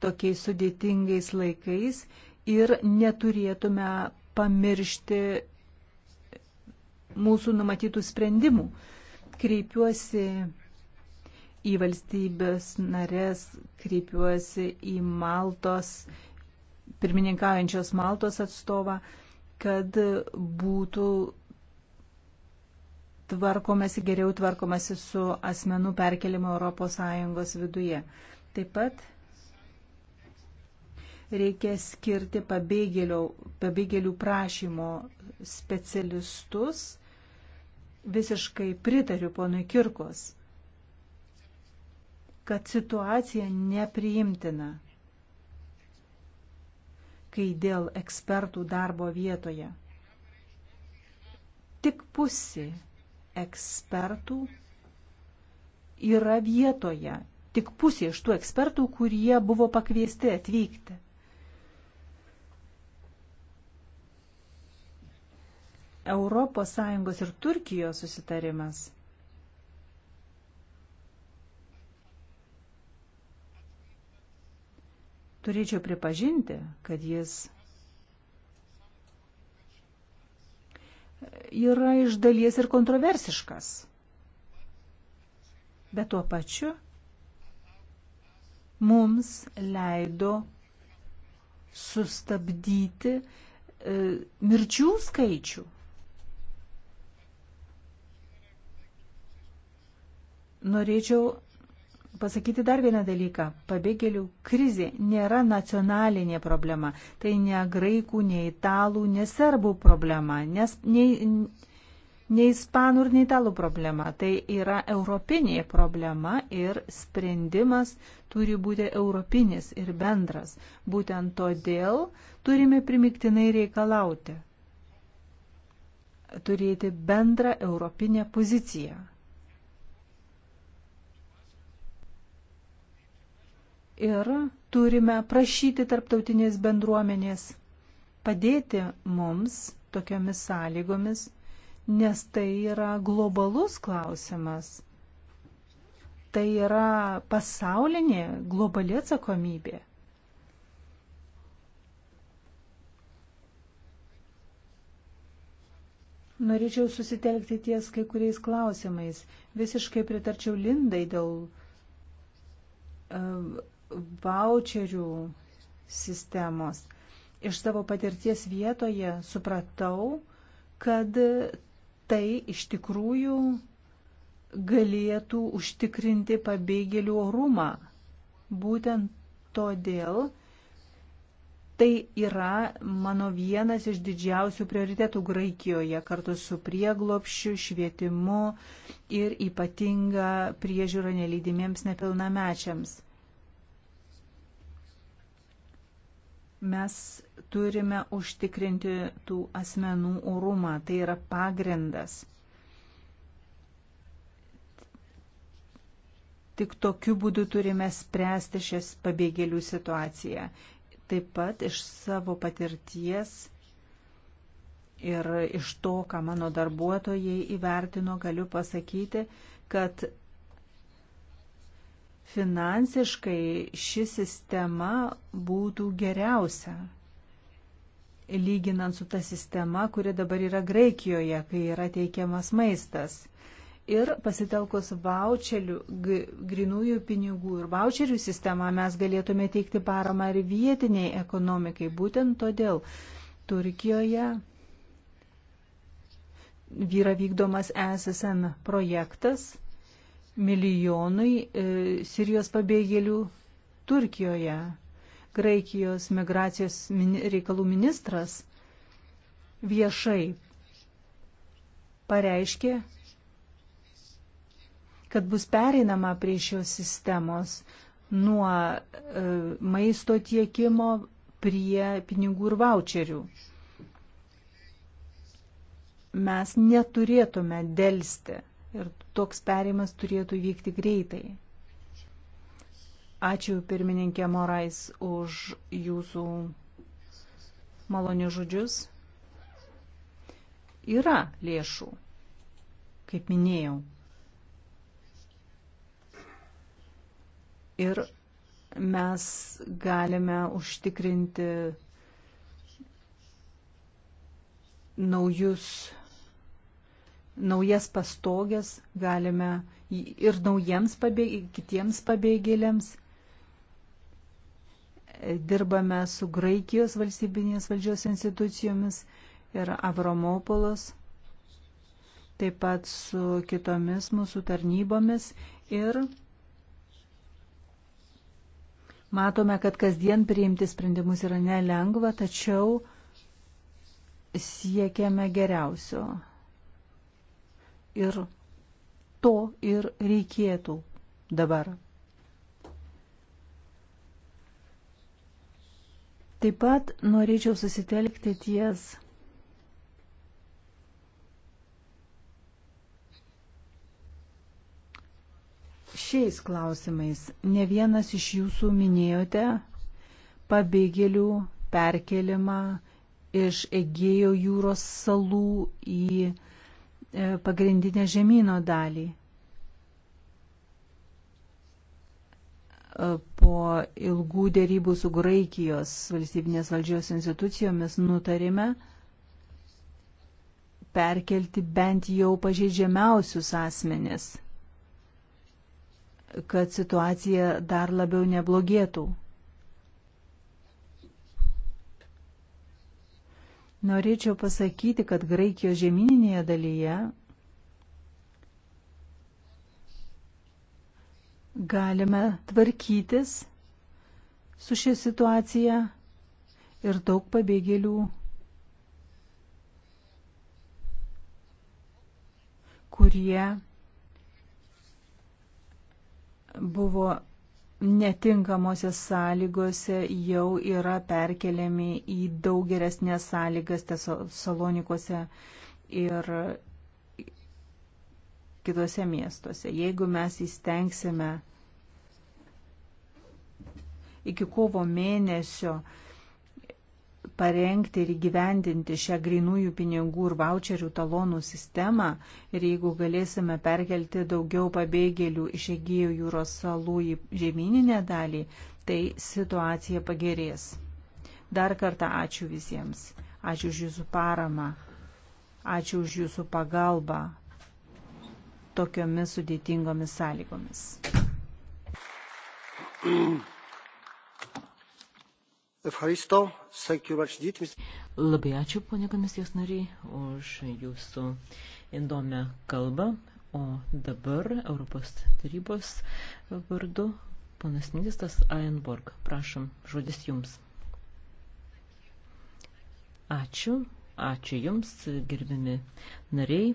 tokiais sudėtingais laikais ir neturėtume pamiršti mūsų numatytų sprendimų. Kreipiuosi į valstybės narės, kreipiuosi į Maltos, pirmininkaujančios Maltos atstovą, kad būtų tvarkomasi, geriau tvarkomasi su asmenų perkelimu ES viduje. Taip pat reikia skirti pabėgėlių prašymo specialistus visiškai pritariu ponui Kirkos, kad situacija nepriimtina, kai dėl ekspertų darbo vietoje tik pusė ekspertų yra vietoje, tik pusė iš tų ekspertų, kurie buvo pakviesti atvykti. ES ir Turkijos susitarimas. Turėčiau pripažinti, kad jis yra iš dalies ir kontroversiškas. Bet tuo pačiu mums leido sustabdyti e, mirčių skaičių Norėčiau pasakyti dar vieną dalyką. Pabėgėlių krizė nėra nacionalinė problema. Tai ne graikų, ne italų, ne serbų problema, nes nei, nei ispanų ir nei italų problema. Tai yra europinė problema ir sprendimas turi būti europinis ir bendras. Būtent todėl turime primiktinai reikalauti turėti bendrą europinę poziciją. ir turime prašyti tarptautinės bendruomenės padėti mums tokiomis sąlygomis, nes tai yra globalus klausimas. Tai yra pasaulinė globali atsakomybė. Norėčiau susitelkti ties kai kuriais klausimais. Visiškai pritarčiau Lindai dėl voucherių sistemos. Iš savo patirties vietoje supratau, kad tai iš tikrųjų galėtų užtikrinti pabėgėlių orumą. Būtent todėl tai yra mano vienas iš didžiausių prioritetų Graikijoje kartu su prieglopšiu, švietimu ir ypatinga priežiūra nelydimiems nepilnamečiams. Mes turime užtikrinti tų asmenų orumą, tai yra pagrindas. Tik tokiu būdu turime spręsti šias pabėgėlių situaciją. Taip pat iš savo patirties ir iš to, ką mano darbuotojai įvertino, galiu pasakyti, kad finansiškai ši sistema būtų geriausia, lyginant su ta sistema, kuri dabar yra Graikijoje, kai yra teikiamas maistas. Ir pasitelkus voucherių, grinųjų pinigų ir voucherių sistemą mes galėtume teikti paramą ir vietiniai ekonomikai. Būtent todėl Turkijoje vyra vykdomas e SSM projektas milijonai e, Sirijos pabėgėlių Turkijoje. Graikijos migracijos min, reikalų ministras viešai pareiškė, kad bus pereinama prie šios sistemos nuo e, maisto tiekimo prie pinigų ir voucherių. Mes neturėtume dėlsti ir toks perėjimas turėtų vykti greitai. Ačiū pirmininkė Morais už jūsų malonių žodžius. Yra lėšų, kaip minėjau. Ir mes galime užtikrinti naujus naujas pastogės galime ir naujiems pabėg, kitiems pabėgėliams. Dirbame su Graikijos valstybinės valdžios institucijomis ir Avromopolos, taip pat su kitomis mūsų tarnybomis ir matome, kad kasdien priimti sprendimus yra nelengva, tačiau siekiame geriausio Ir to ir reikėtų dabar. Taip pat norėčiau susitelkti ties šiais klausimais. Ne vienas iš jūsų minėjote pabėgėlių perkelimą iš Egėjo jūros salų į E, pagrindinę žemynų dalį. E, po ilgų dėrybų su Graikijos valstybinės valdžios institucijomis nutarėme perkelti bent jau pažeidžiamiausius asmenis, kad situacija dar labiau neblogėtų. Norėčiau pasakyti, kad Graikijos žemyninėje dalyje galime tvarkytis su šia situacija ir daug pabėgėlių, kurie buvo netinkamosios sąlygose jau yra perkeliami į daug geresnės sąlygas Tesalonikose ir kitose miestuose. Jeigu mes įstengsime iki kovo mėnesio parengti ir įgyvendinti šią grinųjų pinigų ir voucherių talonų sistemą ir jeigu galėsime perkelti daugiau pabėgėlių iš Egėjo jūros salų į žemyninę dalį, tai situacija pagerės. Dar kartą ačiū visiems. Ačiū už jūsų paramą. Ačiū už jūsų pagalbą tokiomis sudėtingomis sąlygomis. Mm. Labai ačiū, ponė komisijos nariai, už jūsų įdomią kalbą. O dabar Europos tarybos vardu ponas ministras Einborg. Prašom, žodis jums. Ačiū, ačiū jums, gerbimi nariai,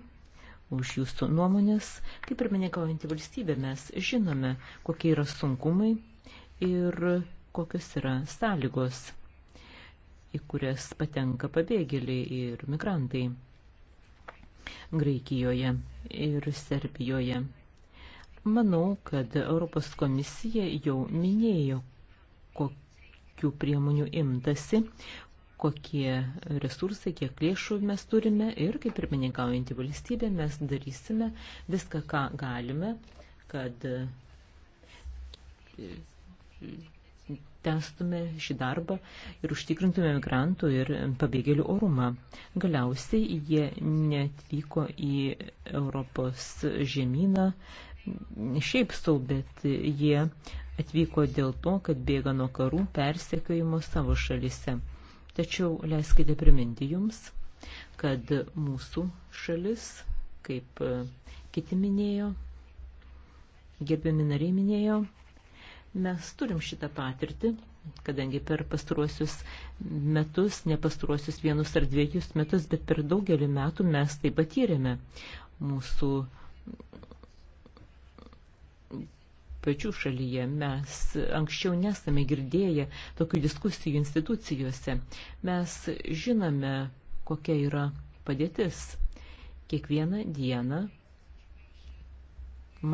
už jūsų nuomonės. Kaip ir minėkaujantį valstybę mes žinome, kokie yra sunkumai ir kokios yra sąlygos, į kurias patenka pabėgėliai ir migrantai Graikijoje ir Serbijoje. Manau, kad Europos komisija jau minėjo, kokių priemonių imtasi, kokie resursai, kiek lėšų mes turime ir kaip pirmininkaujantį valstybę mes darysime viską, ką galime, kad testume šį darbą ir užtikrintume migrantų ir pabėgėlių orumą. Galiausiai jie netvyko į Europos žemyną šiaip sau, bet jie atvyko dėl to, kad bėga nuo karų persekiojimo savo šalise. Tačiau leiskite priminti jums, kad mūsų šalis, kaip kiti minėjo, gerbiami nariai minėjo, Mes turim šitą patirtį, kadangi per pastaruosius metus, ne pastaruosius vienus ar dviejus metus, bet per daugelį metų mes tai patyrėme. Mūsų pačių šalyje mes anksčiau nesame girdėję tokių diskusijų institucijose. Mes žinome, kokia yra padėtis. Kiekvieną dieną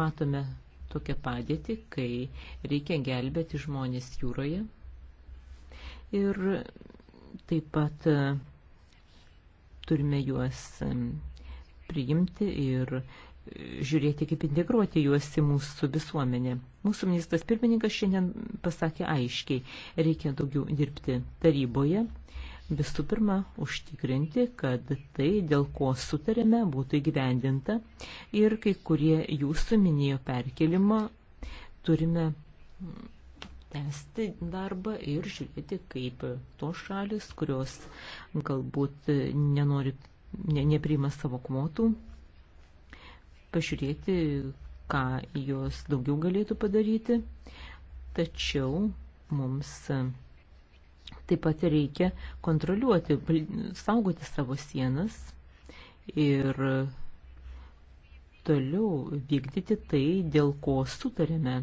matome tokią padėtį, kai reikia gelbėti žmonės jūroje. Ir taip pat e, turime juos e, priimti ir e, žiūrėti, kaip integruoti juos į mūsų visuomenę. Mūsų ministras pirmininkas šiandien pasakė aiškiai, reikia daugiau dirbti taryboje, Visų pirma, užtikrinti, kad tai, dėl ko sutarėme, būtų įgyvendinta ir kai kurie jūsų minėjo perkelimą, turime tęsti darbą ir žiūrėti, kaip tos šalis, kurios galbūt nenori, ne, nepriima savo kvotų, pažiūrėti, ką jos daugiau galėtų padaryti, tačiau mums Taip pat reikia kontroliuoti, saugoti savo sienas ir toliau vykdyti tai, dėl ko sutarėme.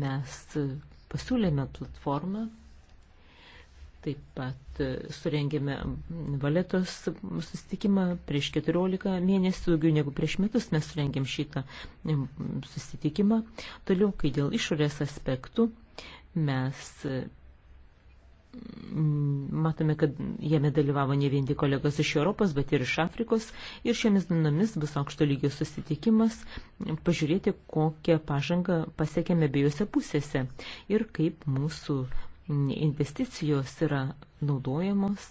Mes pasiūlėme platformą, taip pat surengėme valetos susitikimą prieš 14 mėnesių, daugiau negu prieš metus mes surengėm šitą susitikimą. Toliau, kai dėl išorės aspektų mes Mm, matome, kad jame dalyvavo ne vien tik kolegos iš Europos, bet ir iš Afrikos. Ir šiomis dienomis bus aukšto lygio susitikimas pažiūrėti, kokią pažangą pasiekėme abiejose pusėse ir kaip mūsų investicijos yra naudojamos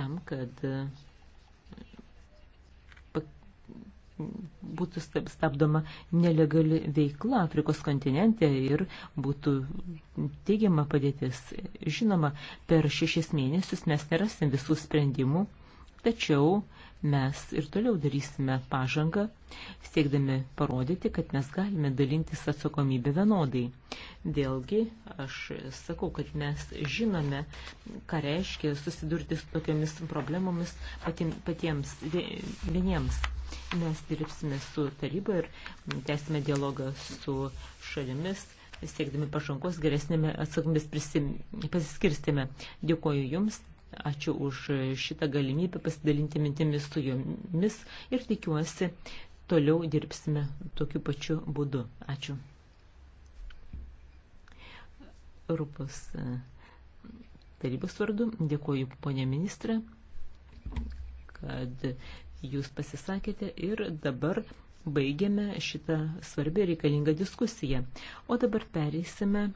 tam, kad būtų stabdoma nelegali veikla Afrikos kontinente ir būtų teigiama padėtis. Žinoma, per šešis mėnesius mes nerasim visų sprendimų, tačiau mes ir toliau darysime pažangą, siekdami parodyti, kad mes galime dalintis atsakomybę vienodai. Dėlgi, aš sakau, kad mes žinome, ką reiškia susidurti su tokiamis problemomis patiems vieniems. Mes dirbsime su taryba ir tęsime dialogą su šalimis siekdami pažangos geresnėme atsakomybės pasiskirstime. Dėkuoju Jums, Ačiū už šitą galimybę pasidalinti mintimis su jumis ir tikiuosi, toliau dirbsime tokiu pačiu būdu. Ačiū. Europos e, tarybos vardu dėkoju ponė ministrė, kad jūs pasisakėte ir dabar baigiame šitą svarbę reikalingą diskusiją. O dabar pereisime